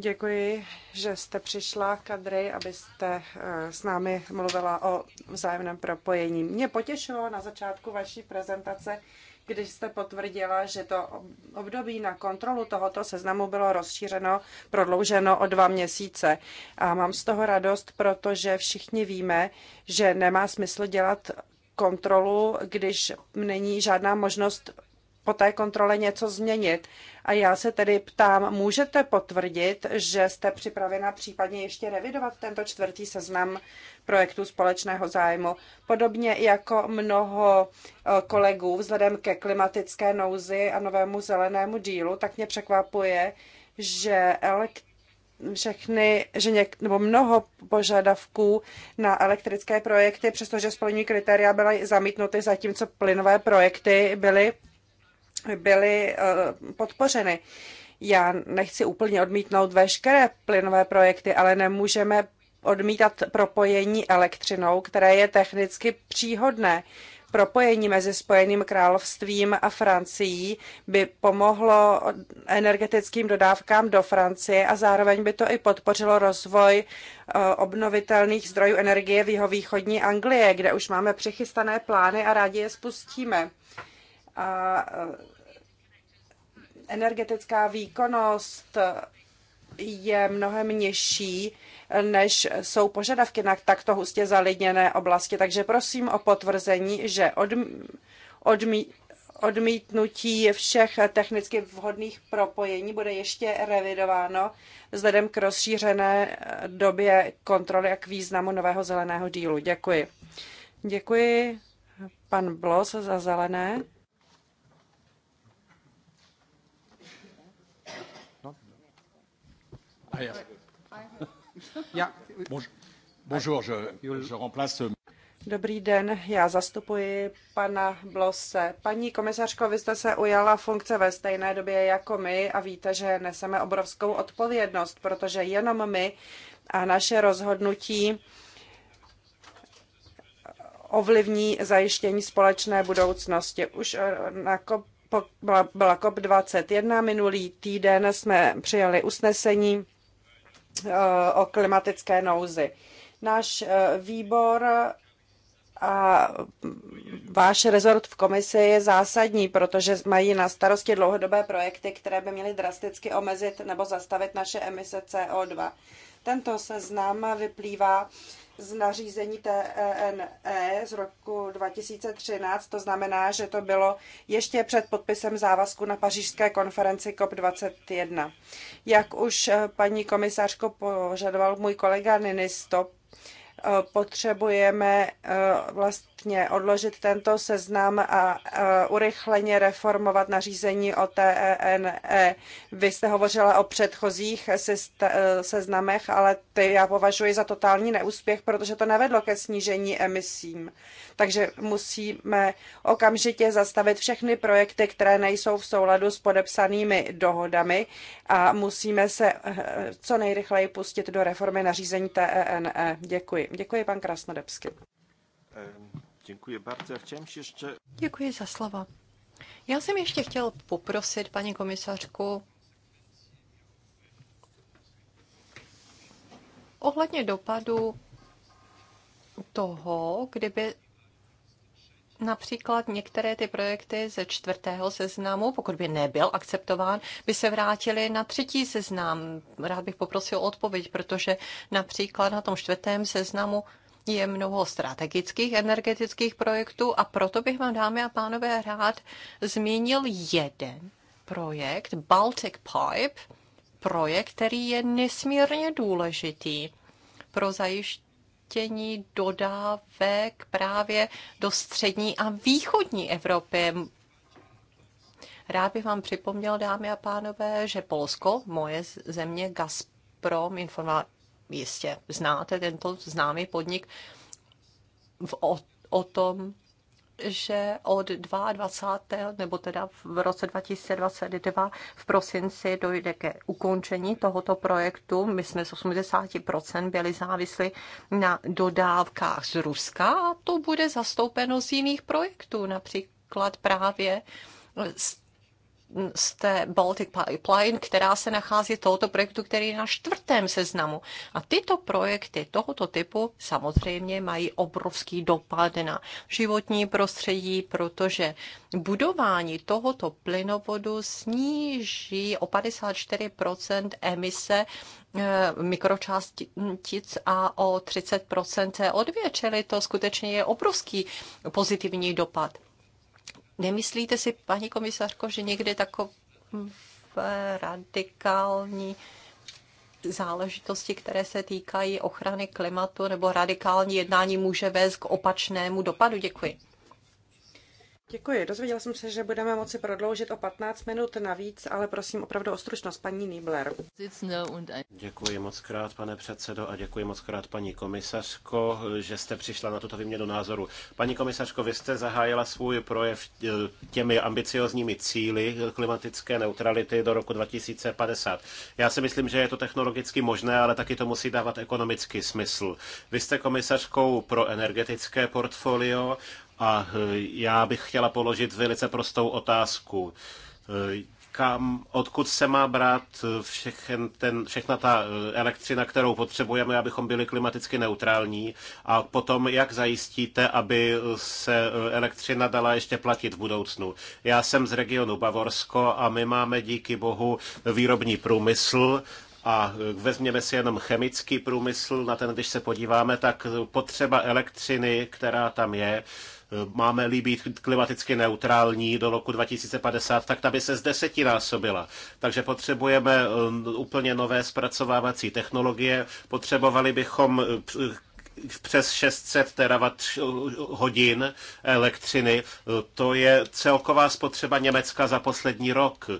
Děkuji, že jste přišla, Kadry, abyste eh, s námi mluvila o vzájemném propojení. Mě potěšilo na začátku vaší prezentace, když jste potvrdila, že to období na kontrolu tohoto seznamu bylo rozšířeno, prodlouženo o dva měsíce. A mám z toho radost, protože všichni víme, že nemá smysl dělat kontrolu, když není žádná možnost po té kontrole něco změnit. A já se tedy ptám, můžete potvrdit, že jste připravena případně ještě revidovat tento čtvrtý seznam projektů společného zájmu? Podobně jako mnoho eh, kolegů vzhledem ke klimatické nouzi a novému zelenému dílu, tak mě překvapuje, že elekt všechny, že něk, nebo mnoho požadavků na elektrické projekty, přestože splňují kritéria, byly zamítnuty, zatímco plynové projekty byly byly eh, podpořeny. Já nechci úplně odmítnout veškeré plynové projekty, ale nemůžeme odmítat propojení elektřinou, které je technicky příhodné. Propojení mezi Spojeným královstvím a Francií by pomohlo energetickým dodávkám do Francie a zároveň by to i podpořilo rozvoj eh, obnovitelných zdrojů energie v jihovýchodní Anglie, kde už máme přichystané plány a rádi je spustíme. A eh, energetická výkonnost je mnohem nižší, než jsou požadavky na takto hustě zalidněné oblasti. Takže prosím o potvrzení, že odm- odmí- odmítnutí všech technicky vhodných propojení bude ještě revidováno vzhledem k rozšířené době kontroly a k významu nového zeleného dílu. Děkuji. Děkuji pan Blos za zelené. Bonjour, je, je remplace... Dobrý den, já zastupuji pana Blose. Paní komisařko, vy jste se ujala funkce ve stejné době jako my a víte, že neseme obrovskou odpovědnost, protože jenom my a naše rozhodnutí ovlivní zajištění společné budoucnosti. Už na COP, byla, byla COP21, minulý týden jsme přijali usnesení Eh, o klimatické nouzi. Náš eh, výbor a váš rezort v komisi je zásadní, protože mají na starosti dlouhodobé projekty, které by měly drasticky omezit nebo zastavit naše emise CO2. Tento seznam vyplývá z nařízení TENE e z roku 2013, to znamená, že to bylo ještě před podpisem závazku na pařížské konferenci COP21. Jak už eh, paní komisařko požadoval můj kolega Ninisto, eh, potřebujeme eh, vlast striktně odložit tento seznam a urychleně reformovat nařízení o TENE. E. Vy jste hovořila o předchozích e, seznamech, ale ty já považuji za totální neúspěch, protože to nevedlo ke snížení emisím. Takže musíme okamžitě zastavit všechny projekty, které nejsou v souladu s podepsanými dohodami a musíme se e, co nejrychleji pustit do reformy nařízení TENE. Děkuji. Děkuji, pan Krasnodebsky. Um. Děkuji bardzo. Chciałem ještě... Děkuji za slova. Já jsem ještě chtěl poprosit paní komisařku ohledně dopadu toho, kdyby například některé ty projekty ze čtvrtého seznamu, pokud by nebyl akceptován, by se vrátily na třetí seznam. Rád bych poprosil o odpověď, protože například na tom čtvrtém seznamu je mnoho strategických energetických projektů a proto bych vám, dámy a pánové, rád zmínil jeden projekt, Baltic Pipe, projekt, který je nesmírně důležitý pro zajištění dodávek právě do střední a východní Evropy. Rád bych vám připomněl, dámy a pánové, že Polsko, moje země Gazprom, informa- jistě znáte tento známý podnik, v, o, o tom, že od 22. nebo teda v roce 2022 v prosinci dojde ke ukončení tohoto projektu. My jsme z 80% byli závisli na dodávkách z Ruska a to bude zastoupeno z jiných projektů, například právě z z té Baltic Pipeline, která se nachází tohoto projektu, který je na čtvrtém seznamu. A tyto projekty tohoto typu samozřejmě mají obrovský dopad na životní prostředí, protože budování tohoto plynovodu sníží o 54 emise eh, mikročástic a o 30 CO2, čili to skutečně je obrovský pozitivní dopad. Nemyslíte si, paní komisařko, že někde takové radikální záležitosti, které se týkají ochrany klimatu nebo radikální jednání může vést k opačnému dopadu? Děkuji. Děkuji. Dozvěděla jsem se, že budeme moci prodloužit o 15 minut navíc, ale prosím opravdu o stručnost, paní Niebler. Děkuji moc krát, pane předsedo, a děkuji moc krát, paní komisařko, že jste přišla na tuto výměnu názoru. Paní komisařko, vy jste zahájila svůj projev eh, těmi ambiciozními cíly klimatické neutrality do roku 2050. Já si myslím, že je to technologicky možné, ale taky to musí dávat ekonomický smysl. Vy jste komisařkou pro energetické portfolio a eh, já bych chtěla položit velice prostou otázku eh, kam, odkud se má brát eh, všechen ten, všechna ta elektřina, kterou potřebujeme, abychom byli klimaticky neutrální a potom jak zajistíte, aby se elektřina dala ještě platit v budoucnu. Já jsem z regionu Bavorsko a my máme díky bohu výrobní průmysl, a vezměme si jenom chemický průmysl, na ten, když se podíváme, tak potřeba elektřiny, která tam je, máme-li být klimaticky neutrální do roku 2050, tak ta by se z deseti násobila. Takže potřebujeme um, úplně nové zpracovávací technologie, potřebovali bychom eh, přes 600 terawatt hodin elektřiny. To je celková spotřeba Německa za poslední rok,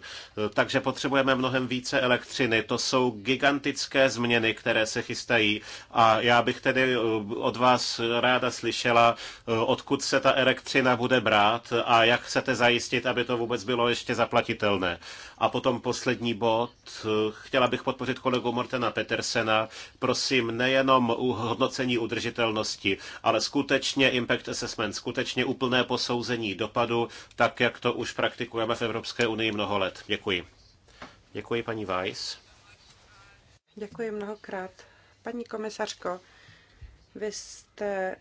takže potřebujeme mnohem více elektřiny. To jsou gigantické změny, které se chystají a já bych tedy eh, od vás ráda slyšela, eh, odkud se ta elektřina bude brát a jak chcete zajistit, aby to vůbec bylo ještě zaplatitelné. A potom poslední bod. Eh, chtěla bych podpořit kolegu Mortena Petersena. Prosím, nejenom u hodnocení udržitelnosti, ale skutečně impact assessment, skutečně úplné posouzení dopadu, tak jak to už praktikujeme v Evropské unii mnoho let. Děkuji. Děkuji, paní Weiss. Děkuji mnohokrát. Paní komisařko, vy jste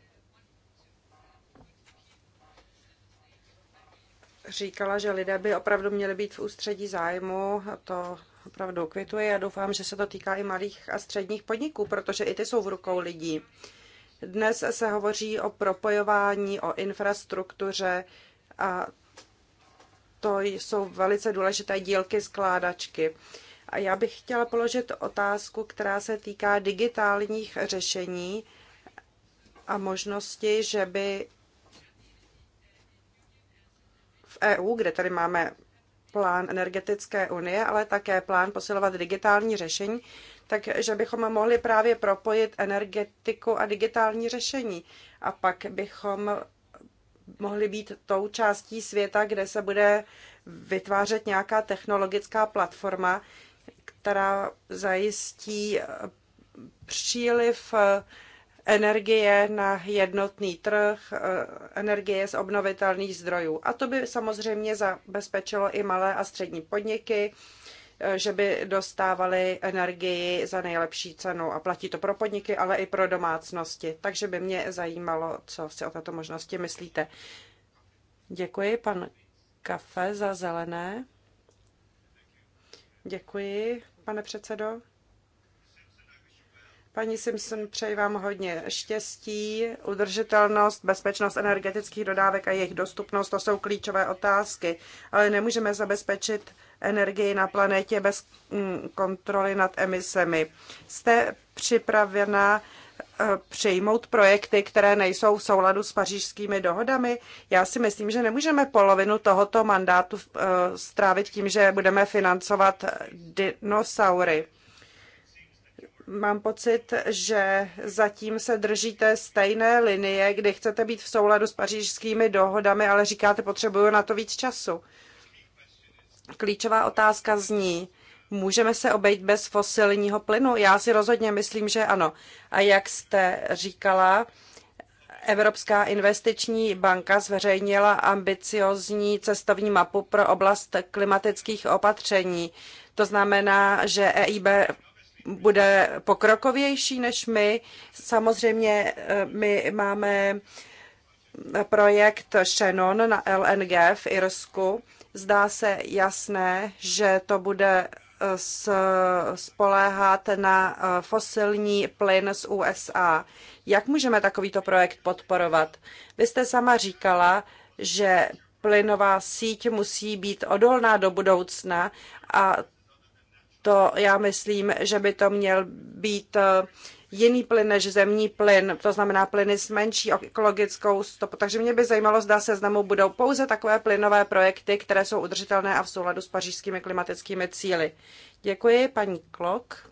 říkala, že lidé by opravdu měli být v ústředí zájmu, a to opravdu kvituji a doufám, že se to týká i malých a středních podniků, protože i ty jsou v rukou lidí. Dnes se hovoří o propojování, o infrastruktuře a to jsou velice důležité dílky skládačky. A já bych chtěla položit otázku, která se týká digitálních řešení a možnosti, že by v EU, kde tady máme plán energetické unie, ale také plán posilovat digitální řešení, takže bychom mohli právě propojit energetiku a digitální řešení. A pak bychom mohli být tou částí světa, kde se bude vytvářet nějaká technologická platforma, která zajistí příliv energie na jednotný trh, eh, energie z obnovitelných zdrojů. A to by samozřejmě zabezpečilo i malé a střední podniky, eh, že by dostávali energii za nejlepší cenu. A platí to pro podniky, ale i pro domácnosti. Takže by mě zajímalo, co si o této možnosti myslíte. Děkuji, pan Kafe za zelené. Děkuji, pane předsedo. Paní Simpson, přeji vám hodně štěstí. Udržitelnost, bezpečnost energetických dodávek a jejich dostupnost, to jsou klíčové otázky, ale nemůžeme zabezpečit energii na planetě bez mm, kontroly nad emisemi. Jste připravena eh, přijmout projekty, které nejsou v souladu s pařížskými dohodami? Já si myslím, že nemůžeme polovinu tohoto mandátu eh, strávit tím, že budeme financovat dinosaury. Mám pocit, že zatím se držíte stejné linie, kdy chcete být v souladu s pařížskými dohodami, ale říkáte, potřebuju na to víc času. Klíčová otázka zní, můžeme se obejít bez fosilního plynu? Já si rozhodně myslím, že ano. A jak jste říkala, Evropská investiční banka zveřejnila ambiciozní cestovní mapu pro oblast klimatických opatření. To znamená, že EIB bude pokrokovější než my. Samozřejmě eh, my máme eh, projekt Shannon na LNG v Irsku. Zdá se jasné, že to bude eh, spoléhat na fosilní plyn z USA. Jak můžeme takovýto projekt podporovat? Vy jste sama říkala, že plynová síť musí být odolná do budoucna a proto já myslím, že by to měl být eh, jiný plyn než zemní plyn, to znamená plyny s menší ekologickou stopou. Takže mě by zajímalo, zda seznamu budou pouze takové plynové projekty, které jsou udržitelné a v souladu s pařížskými klimatickými cíly. Děkuji, paní Klok.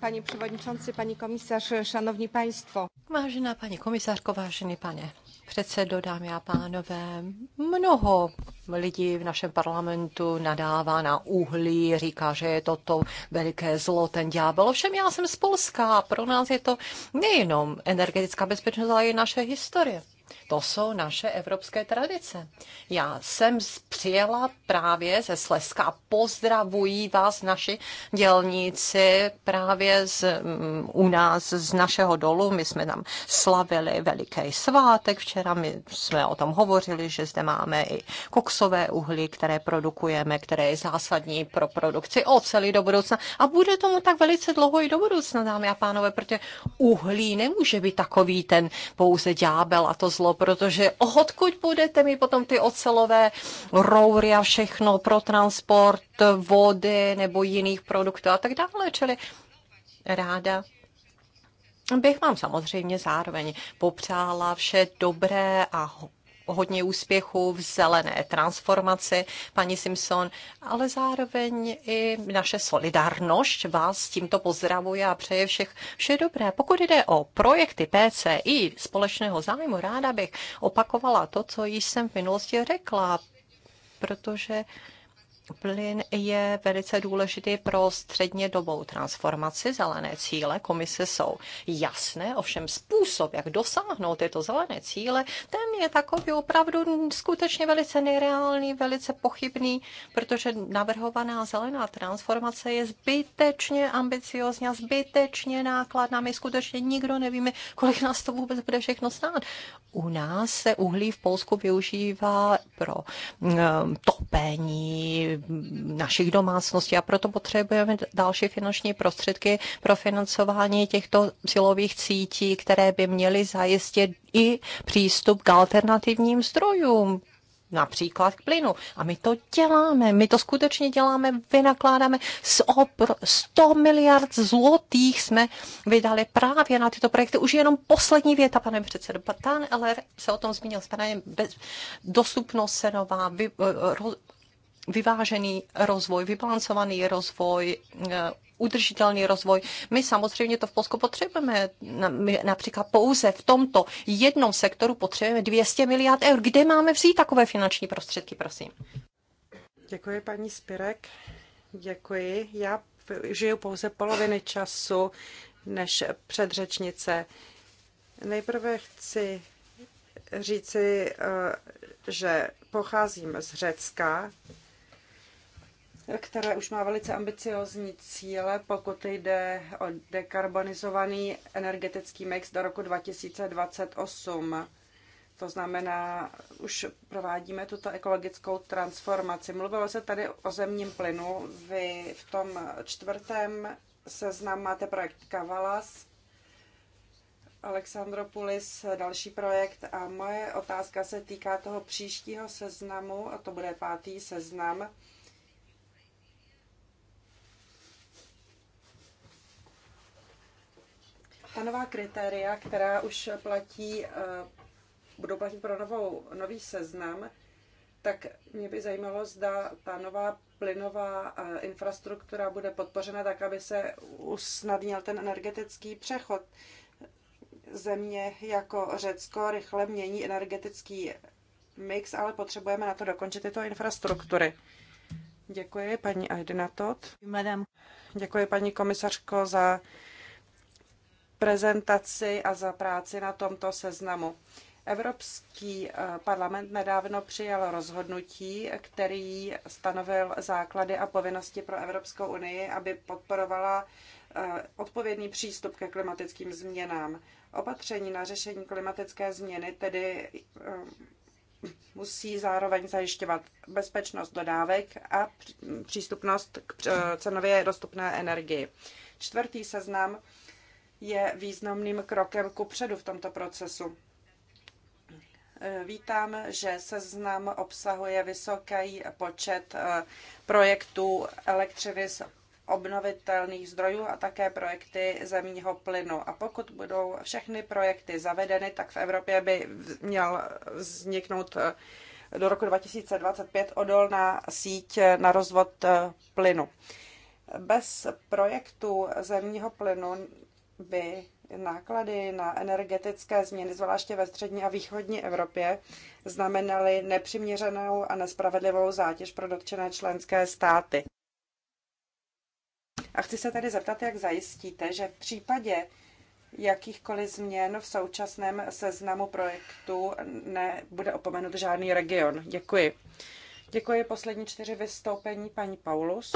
Pani przewodniczący, pani komisarz, szanowni państwo. Vážená pani komisařko, vážený pane předsedo, dámy a pánové, mnoho lidí v našem parlamentu nadává na uhlí, říká, že je toto veliké zlo, ten ďábel. Ovšem já jsem z Polska a pro nás je to nejenom energetická bezpečnost, ale i naše historie. To jsou naše evropské tradice. Já jsem přijela právě ze Slezska a pozdravují vás naši dělníci právě z, um, u nás, z našeho dolu. My jsme tam slavili veliký svátek včera, my jsme o tom hovořili, že zde máme i koksové uhlí, které produkujeme, které je zásadní pro produkci oceli do budoucna. A bude tomu tak velice dlouho i do budoucna, dámy a pánové, protože uhlí nemůže být takový ten pouze ďábel a to zlo průmyslu, protože odkud budete mít potom ty ocelové roury a všechno pro transport vody nebo jiných produktů a tak dále. Čili ráda bych vám samozřejmě zároveň popřála vše dobré a hodně úspěchů v zelené transformaci, paní Simpson, ale zároveň i naše solidarnost. vás tímto pozdravuje a přeje všech vše dobré. Pokud jde o projekty PCI společného zájmu, ráda bych opakovala to, co jsem v minulosti řekla, protože Plyn je velice důležitý pro střednědobou transformaci. Zelené cíle komise jsou jasné, ovšem způsob, jak dosáhnout tyto zelené cíle, ten je takový opravdu skutečně velice nereálný, velice pochybný, protože navrhovaná zelená transformace je zbytečně ambiciozní a zbytečně nákladná. My skutečně nikdo nevíme, kolik nás to vůbec bude všechno stát. U nás se uhlí v Polsku využívá pro um, topení našich domácností a proto potřebujeme další finanční prostředky pro financování těchto silových cítí, které by měly zajistit i přístup k alternativním zdrojům, například k plynu. A my to děláme, my to skutečně děláme, vynakládáme 100 miliard zlotých jsme vydali právě na tyto projekty. Už jenom poslední věta, pane předsedo. Pan LR se o tom zmínil, správně bez, dostupnost nová, vy, ro, vyvážený rozvoj, vybalancovaný rozvoj, eh, udržitelný rozvoj. My samozřejmě to v Polsku potřebujeme. například pouze v tomto jednom sektoru potřebujeme 200 miliard eur. Kde máme vzít takové finanční prostředky, prosím? Děkuji, paní Spirek. Děkuji. Já žiju pouze poloviny času než předřečnice. Nejprve chci říci, eh, že pocházím z Řecka, které už má velice ambiciozní cíle, pokud jde o dekarbonizovaný energetický mix do roku 2028. To znamená, už provádíme tuto ekologickou transformaci. Mluvilo se tady o zemním plynu. Vy v tom čtvrtém seznam máte projekt Kavalas, Alexandropolis, další projekt a moje otázka se týká toho příštího seznamu, a to bude pátý seznam, Ta nová kritéria, která už platí, eh, budou platit pro novou, nový seznam, tak mě by zajímalo, zda ta nová plynová eh, infrastruktura bude podpořena tak, aby se usnadnil ten energetický přechod. Země jako Řecko rychle mění energetický mix, ale potřebujeme na to dokončit tyto infrastruktury. Děkuji paní Aydina Tot. Děkuji paní komisařko za prezentaci a za práci na tomto seznamu. Evropský eh, parlament nedávno přijal rozhodnutí, který stanovil základy a povinnosti pro Evropskou unii, aby podporovala eh, odpovědný přístup ke klimatickým změnám. Opatření na řešení klimatické změny tedy eh, musí zároveň zajišťovat bezpečnost dodávek a přístupnost k cenově dostupné energii. Čtvrtý seznam je významným krokem kupředu v tomto procesu. Vítám, že seznam obsahuje vysoký počet eh, projektů elektřiny z obnovitelných zdrojů a také projekty zemního plynu. A pokud budou všechny projekty zavedeny, tak v Evropě by měl vzniknout eh, do roku 2025 odolná síť na rozvod eh, plynu. Bez projektu zemního plynu by náklady na energetické změny, zvláště ve střední a východní Evropě, znamenaly nepřiměřenou a nespravedlivou zátěž pro dotčené členské státy. A chci se tedy zeptat, jak zajistíte, že v případě jakýchkoliv změn v současném seznamu projektů nebude opomenut žádný region. Děkuji. Děkuji poslední čtyři vystoupení paní Paulus.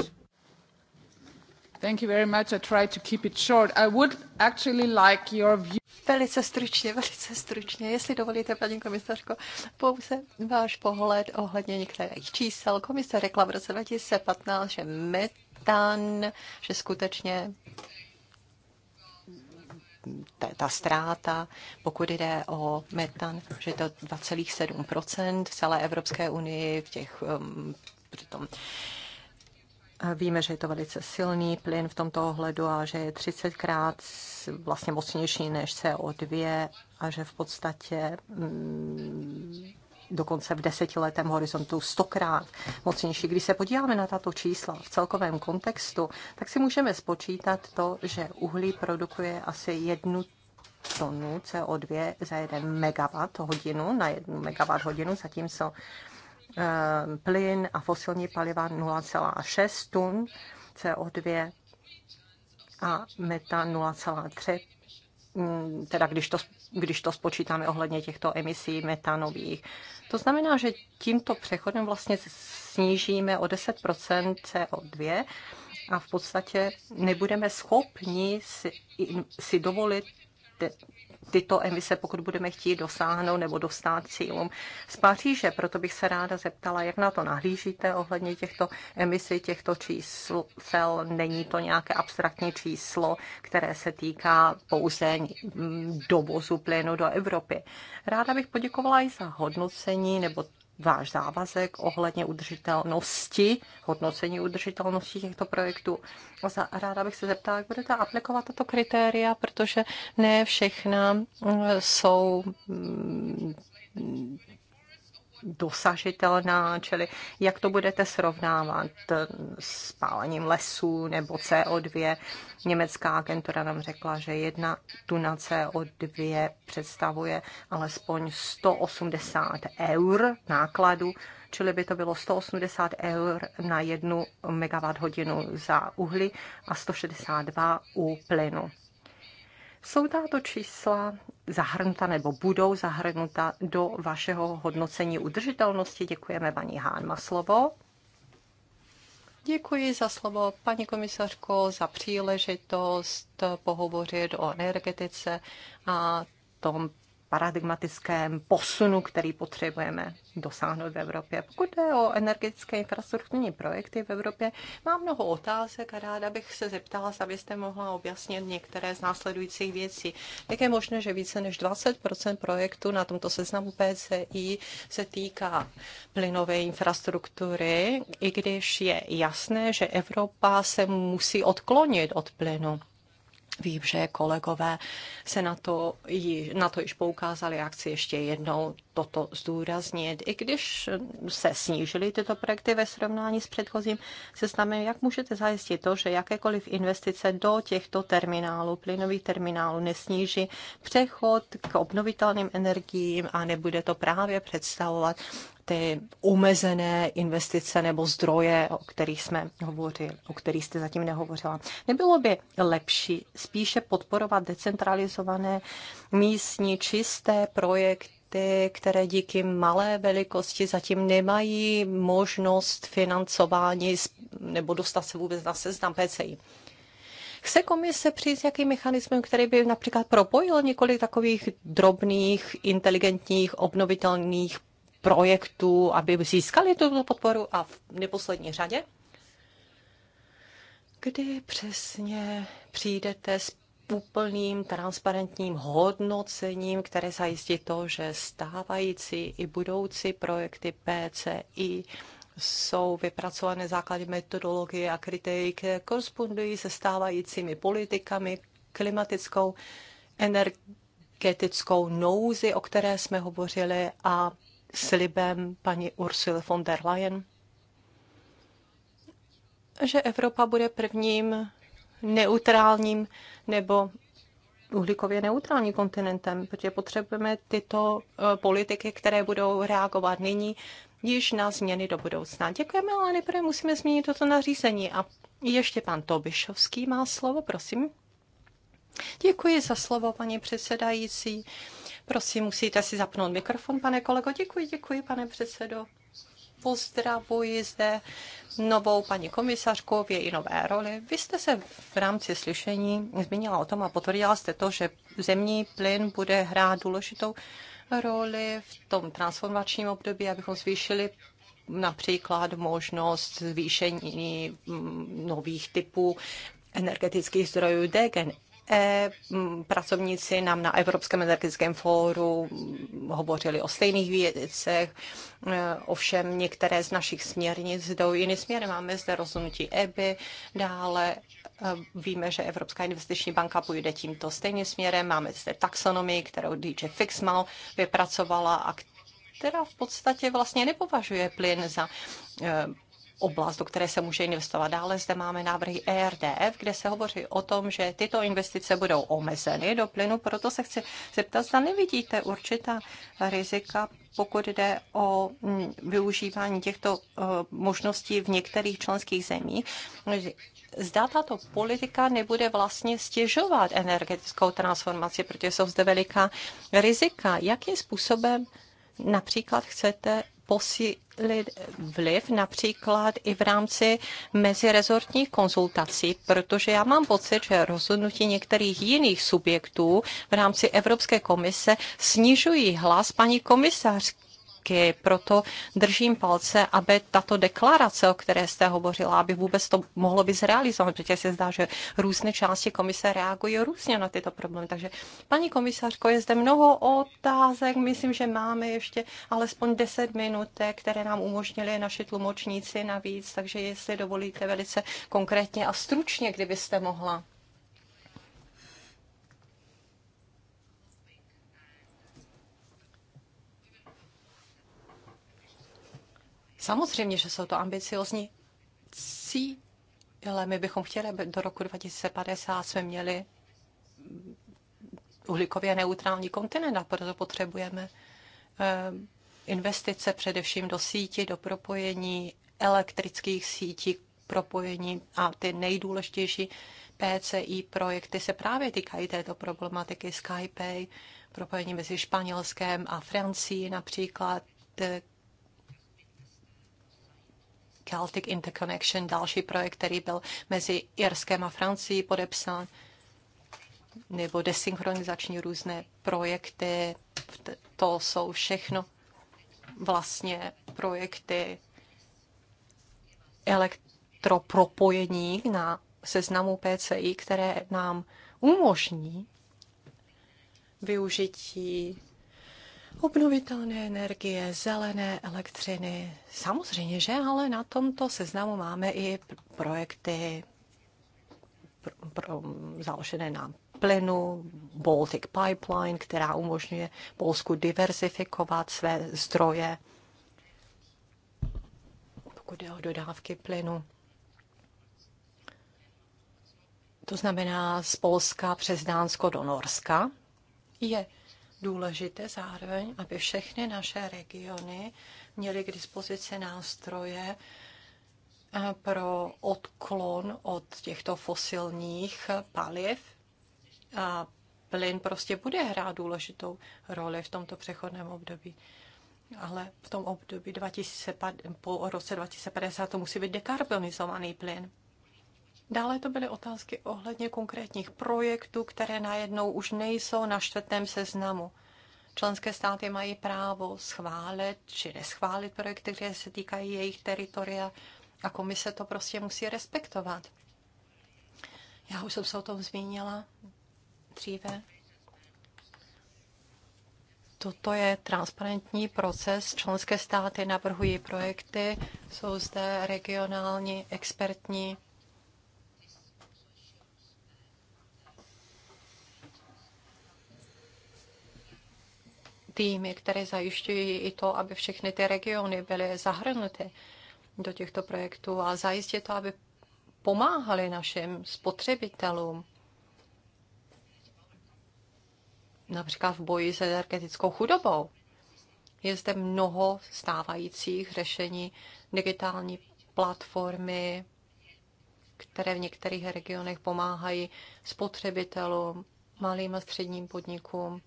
Velice stručně, velice stručně, jestli dovolíte, paní komisařko, pouze váš pohled ohledně některých čísel. Komise řekla v roce 2015, že metan, že skutečně ta, ta ztráta, pokud jde o metan, že to 2,7 v celé Evropské unii v těch um, tom Víme, že je to velice silný plyn v tomto ohledu a že je 30krát vlastně mocnější než CO2 a že v podstatě mm, dokonce v desetiletém horizontu stokrát mocnější. Když se podíváme na tato čísla v celkovém kontextu, tak si můžeme spočítat to, že uhlí produkuje asi jednu tonu CO2 za jeden megawatt hodinu na jednu megawatt hodinu, zatímco Ehm, plyn a fosilní paliva 0,6 tun CO2 a metan 0,3, mm, teda když to, když to spočítáme ohledně těchto emisí metanových. To znamená, že tímto přechodem vlastně snížíme o 10 CO2 a v podstatě nebudeme schopni si, si dovolit tyto emise, pokud budeme chtít dosáhnout nebo dostat cílům z Paříže. Proto bych se ráda zeptala, jak na to nahlížíte ohledně těchto emisí, těchto čísel. Není to nějaké abstraktní číslo, které se týká pouze dovozu plynu do Evropy. Ráda bych poděkovala i za hodnocení nebo váš závazek ohledně udržitelnosti, hodnocení udržitelnosti těchto projektů. Ráda bych se zeptala, jak budete aplikovat tato kritéria, protože ne všechna eh, jsou mm, dosažitelná, čili jak to budete srovnávat eh, s pálením lesů nebo CO2. Německá agentura nám řekla, že jedna tuna CO2 představuje alespoň 180 eur nákladu, čili by to bylo 180 eur na jednu megawatt hodinu za uhlí a 162 u plynu. Jsou tato čísla zahrnuta nebo budou zahrnuta do vašeho hodnocení udržitelnosti? Děkujeme paní Hán slovo. Děkuji za slovo, paní komisařko, za příležitost pohovořit o energetice a tom paradigmatickém posunu, který potřebujeme dosáhnout v Evropě. Pokud jde o energetické infrastrukturní projekty v Evropě, mám mnoho otázek a ráda bych se zeptala, abyste mohla objasnit některé z následujících věcí. Jak je možné, že více než 20 projektů na tomto seznamu PCI se týká plynové infrastruktury, i když je jasné, že Evropa se musí odklonit od plynu. Vím, že kolegové se na to, na to již poukázali. Já chci ještě jednou toto zdůraznit. I když se snížily tyto projekty ve srovnání s předchozím seznamem, jak můžete zajistit to, že jakékoliv investice do těchto terminálů, plynových terminálů, nesníží přechod k obnovitelným energiím a nebude to právě představovat ty omezené investice nebo zdroje, o kterých jsme hovořili, o kterých jste zatím nehovořila. Nebylo by lepší spíše podporovat decentralizované místní čisté projekty, státy, které díky malé velikosti zatím nemají možnost financování nebo dostat se vůbec na seznam PCI. Chce komise přijít s jakým mechanismem, který by například propojil několik takových drobných, inteligentních, obnovitelných projektů, aby získali tuto podporu a v neposlední řadě? Kdy přesně přijdete s úplným transparentním hodnocením, které zajistí to, že stávající i budoucí projekty PCI jsou vypracované základy metodologie a kritérií, které korespondují se stávajícími politikami, klimatickou, energetickou nouzi, o které jsme hovořili, a slibem paní Ursula von der Leyen, že Evropa bude prvním neutrálním nebo uhlíkově neutrální kontinentem, protože potřebujeme tyto eh, politiky, které budou reagovat nyní již na změny do budoucna. Děkujeme, ale nejprve musíme změnit toto nařízení. A ještě pan Tobišovský má slovo, prosím. Děkuji za slovo, paní předsedající. Prosím, musíte si zapnout mikrofon, pane kolego. Děkuji, děkuji, pane předsedo pozdravuji zde novou paní komisařku v její nové roli. Vy jste se v rámci slyšení zmínila o tom a potvrdila jste to, že zemní plyn bude hrát důležitou roli v tom transformačním období, abychom zvýšili například možnost zvýšení mm, nových typů energetických zdrojů DGN E, pracovníci nám na Evropském energetickém fóru hovořili o stejných věcech, e, ovšem některé z našich směrnic jdou jiný směr. Máme zde rozhodnutí EBY, dále e, víme, že Evropská investiční banka půjde tímto stejným směrem. Máme zde taxonomii, kterou DJ Fixmal vypracovala a která v podstatě vlastně nepovažuje plyn za oblast, do které se může investovat. Dále zde máme návrhy ERDF, kde se hovoří o tom, že tyto investice budou omezeny do plynu, proto se chci zeptat, zda nevidíte určitá rizika, pokud jde o mm, využívání těchto eh, možností v některých členských zemích. Zda tato politika nebude vlastně stěžovat energetickou transformaci, protože jsou zde veliká rizika. Jakým způsobem například chcete posílit vliv například i v rámci mezirezortních konzultací, protože já mám pocit, že rozhodnutí některých jiných subjektů v rámci Evropské komise snižují hlas paní komisařky roky. Proto držím palce, aby tato deklarace, o které jste hovořila, aby vůbec to mohlo být zrealizováno, protože se zdá, že různé části komise reagují různě na tyto problémy. Takže, paní komisařko, je zde mnoho otázek. Myslím, že máme ještě alespoň 10 minut, které nám umožnili naši tlumočníci navíc, takže jestli dovolíte velice konkrétně a stručně, kdybyste mohla. Samozřejmě, že jsou to ambiciozní cíle. My bychom chtěli, aby do roku 2050 jsme měli uhlíkově neutrální kontinent a proto potřebujeme eh, investice především do sítí, do propojení elektrických sítí, propojení a ty nejdůležitější PCI projekty se právě týkají této problematiky Skype, propojení mezi Španělskem a Francií například, eh, Celtic Interconnection, další projekt, který byl mezi Irskem a Francií podepsán, nebo desynchronizační různé projekty. To jsou všechno vlastně projekty elektropropojení na seznamu PCI, které nám umožní využití Obnovitelné energie, zelené elektřiny, samozřejmě, že, ale na tomto seznamu máme i projekty pro, pro, založené na plynu, Baltic Pipeline, která umožňuje Polsku diversifikovat své zdroje, pokud jde o dodávky plynu. To znamená z Polska přes Dánsko do Norska je důležité zároveň, aby všechny naše regiony měly k dispozici nástroje eh, pro odklon od těchto fosilních paliv. A plyn prostě bude hrát důležitou roli v tomto přechodném období. Ale v tom období 2000, po roce 2050 to musí být dekarbonizovaný plyn. Dále to byly otázky ohledně konkrétních projektů, které najednou už nejsou na čtvrtém seznamu. Členské státy mají právo schválit či neschválit projekty, které se týkají jejich teritoria a komise to prostě musí respektovat. Já už jsem se o tom zmínila dříve. Toto je transparentní proces. Členské státy navrhují projekty, jsou zde regionální expertní týmy, které zajišťují i to, aby všechny ty regiony byly zahrnuty do těchto projektů a zajistit to, aby pomáhali našim spotřebitelům. Například v boji s energetickou chudobou. Je zde mnoho stávajících řešení digitální platformy, které v některých regionech pomáhají spotřebitelům, malým a středním podnikům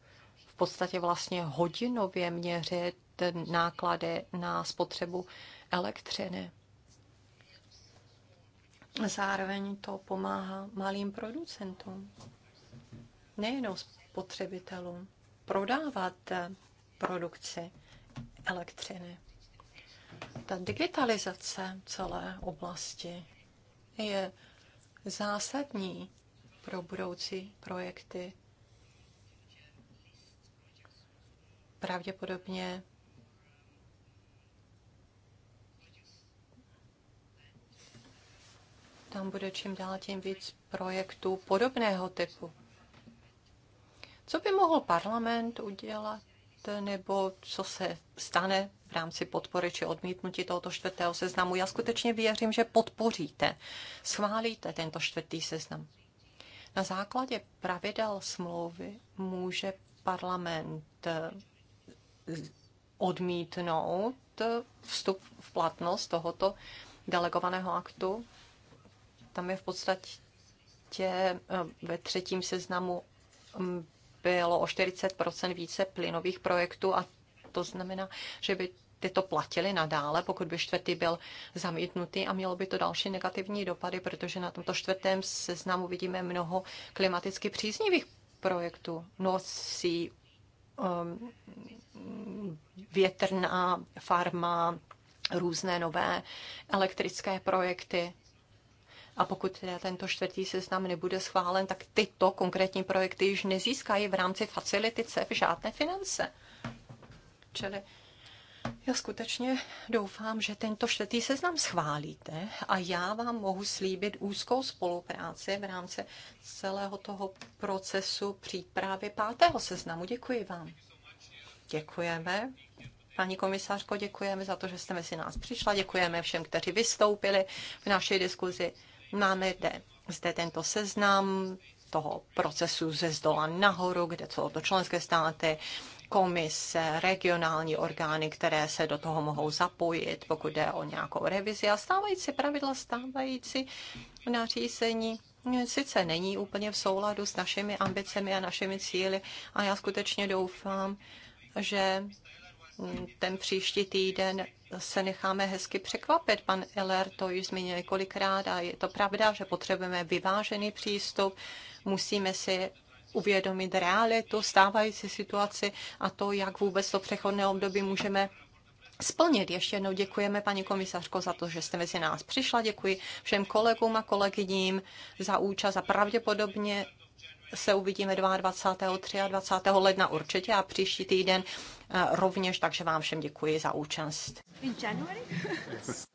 podstatě vlastně hodinově měřit náklady na spotřebu elektřiny. Zároveň to pomáhá malým producentům, nejenom spotřebitelům, prodávat produkci elektřiny. Ta digitalizace celé oblasti je zásadní pro budoucí projekty pravděpodobně tam bude čím dál tím víc projektů podobného typu. Co by mohl parlament udělat, nebo co se stane v rámci podpory či odmítnutí tohoto čtvrtého seznamu? Já skutečně věřím, že podpoříte, schválíte tento čtvrtý seznam. Na základě pravidel smlouvy může parlament odmítnout vstup v platnost tohoto delegovaného aktu. Tam je v podstatě eh, ve třetím seznamu mm, bylo o 40 více plynových projektů a to znamená, že by tyto platily nadále, pokud by čtvrtý byl zamítnutý a mělo by to další negativní dopady, protože na tomto čtvrtém seznamu vidíme mnoho klimaticky příznivých projektů. Nosí Um, větrná farma, různé nové elektrické projekty. A pokud tento čtvrtý seznam nebude schválen, tak tyto konkrétní projekty již nezískají v rámci facility CEF žádné finance. Čili já skutečně doufám, že tento čtvrtý seznam schválíte a já vám mohu slíbit úzkou spolupráci v rámci celého toho procesu přípravy pátého seznamu. Děkuji vám. Děkujeme. Paní komisářko, děkujeme za to, že jste mezi nás přišla. Děkujeme všem, kteří vystoupili v naší diskuzi. Máme zde, zde tento seznam toho procesu ze zdola nahoru, kde jsou to členské státy, komise, regionální orgány, které se do toho mohou zapojit, pokud jde o nějakou revizi. A stávající pravidla, stávající nařízení sice není úplně v souladu s našimi ambicemi a našimi cíly a já skutečně doufám, že ten příští týden se necháme hezky překvapit. Pan Eller to již zmínil několikrát a je to pravda, že potřebujeme vyvážený přístup. Musíme si uvědomit realitu, stávající situaci a to, jak vůbec to přechodné období můžeme splnit. Ještě jednou děkujeme, paní komisařko, za to, že jste mezi nás přišla. Děkuji všem kolegům a kolegyním za účast a pravděpodobně se uvidíme 22. 23. ledna určitě a příští týden eh, rovněž, takže vám všem děkuji za účast. In January?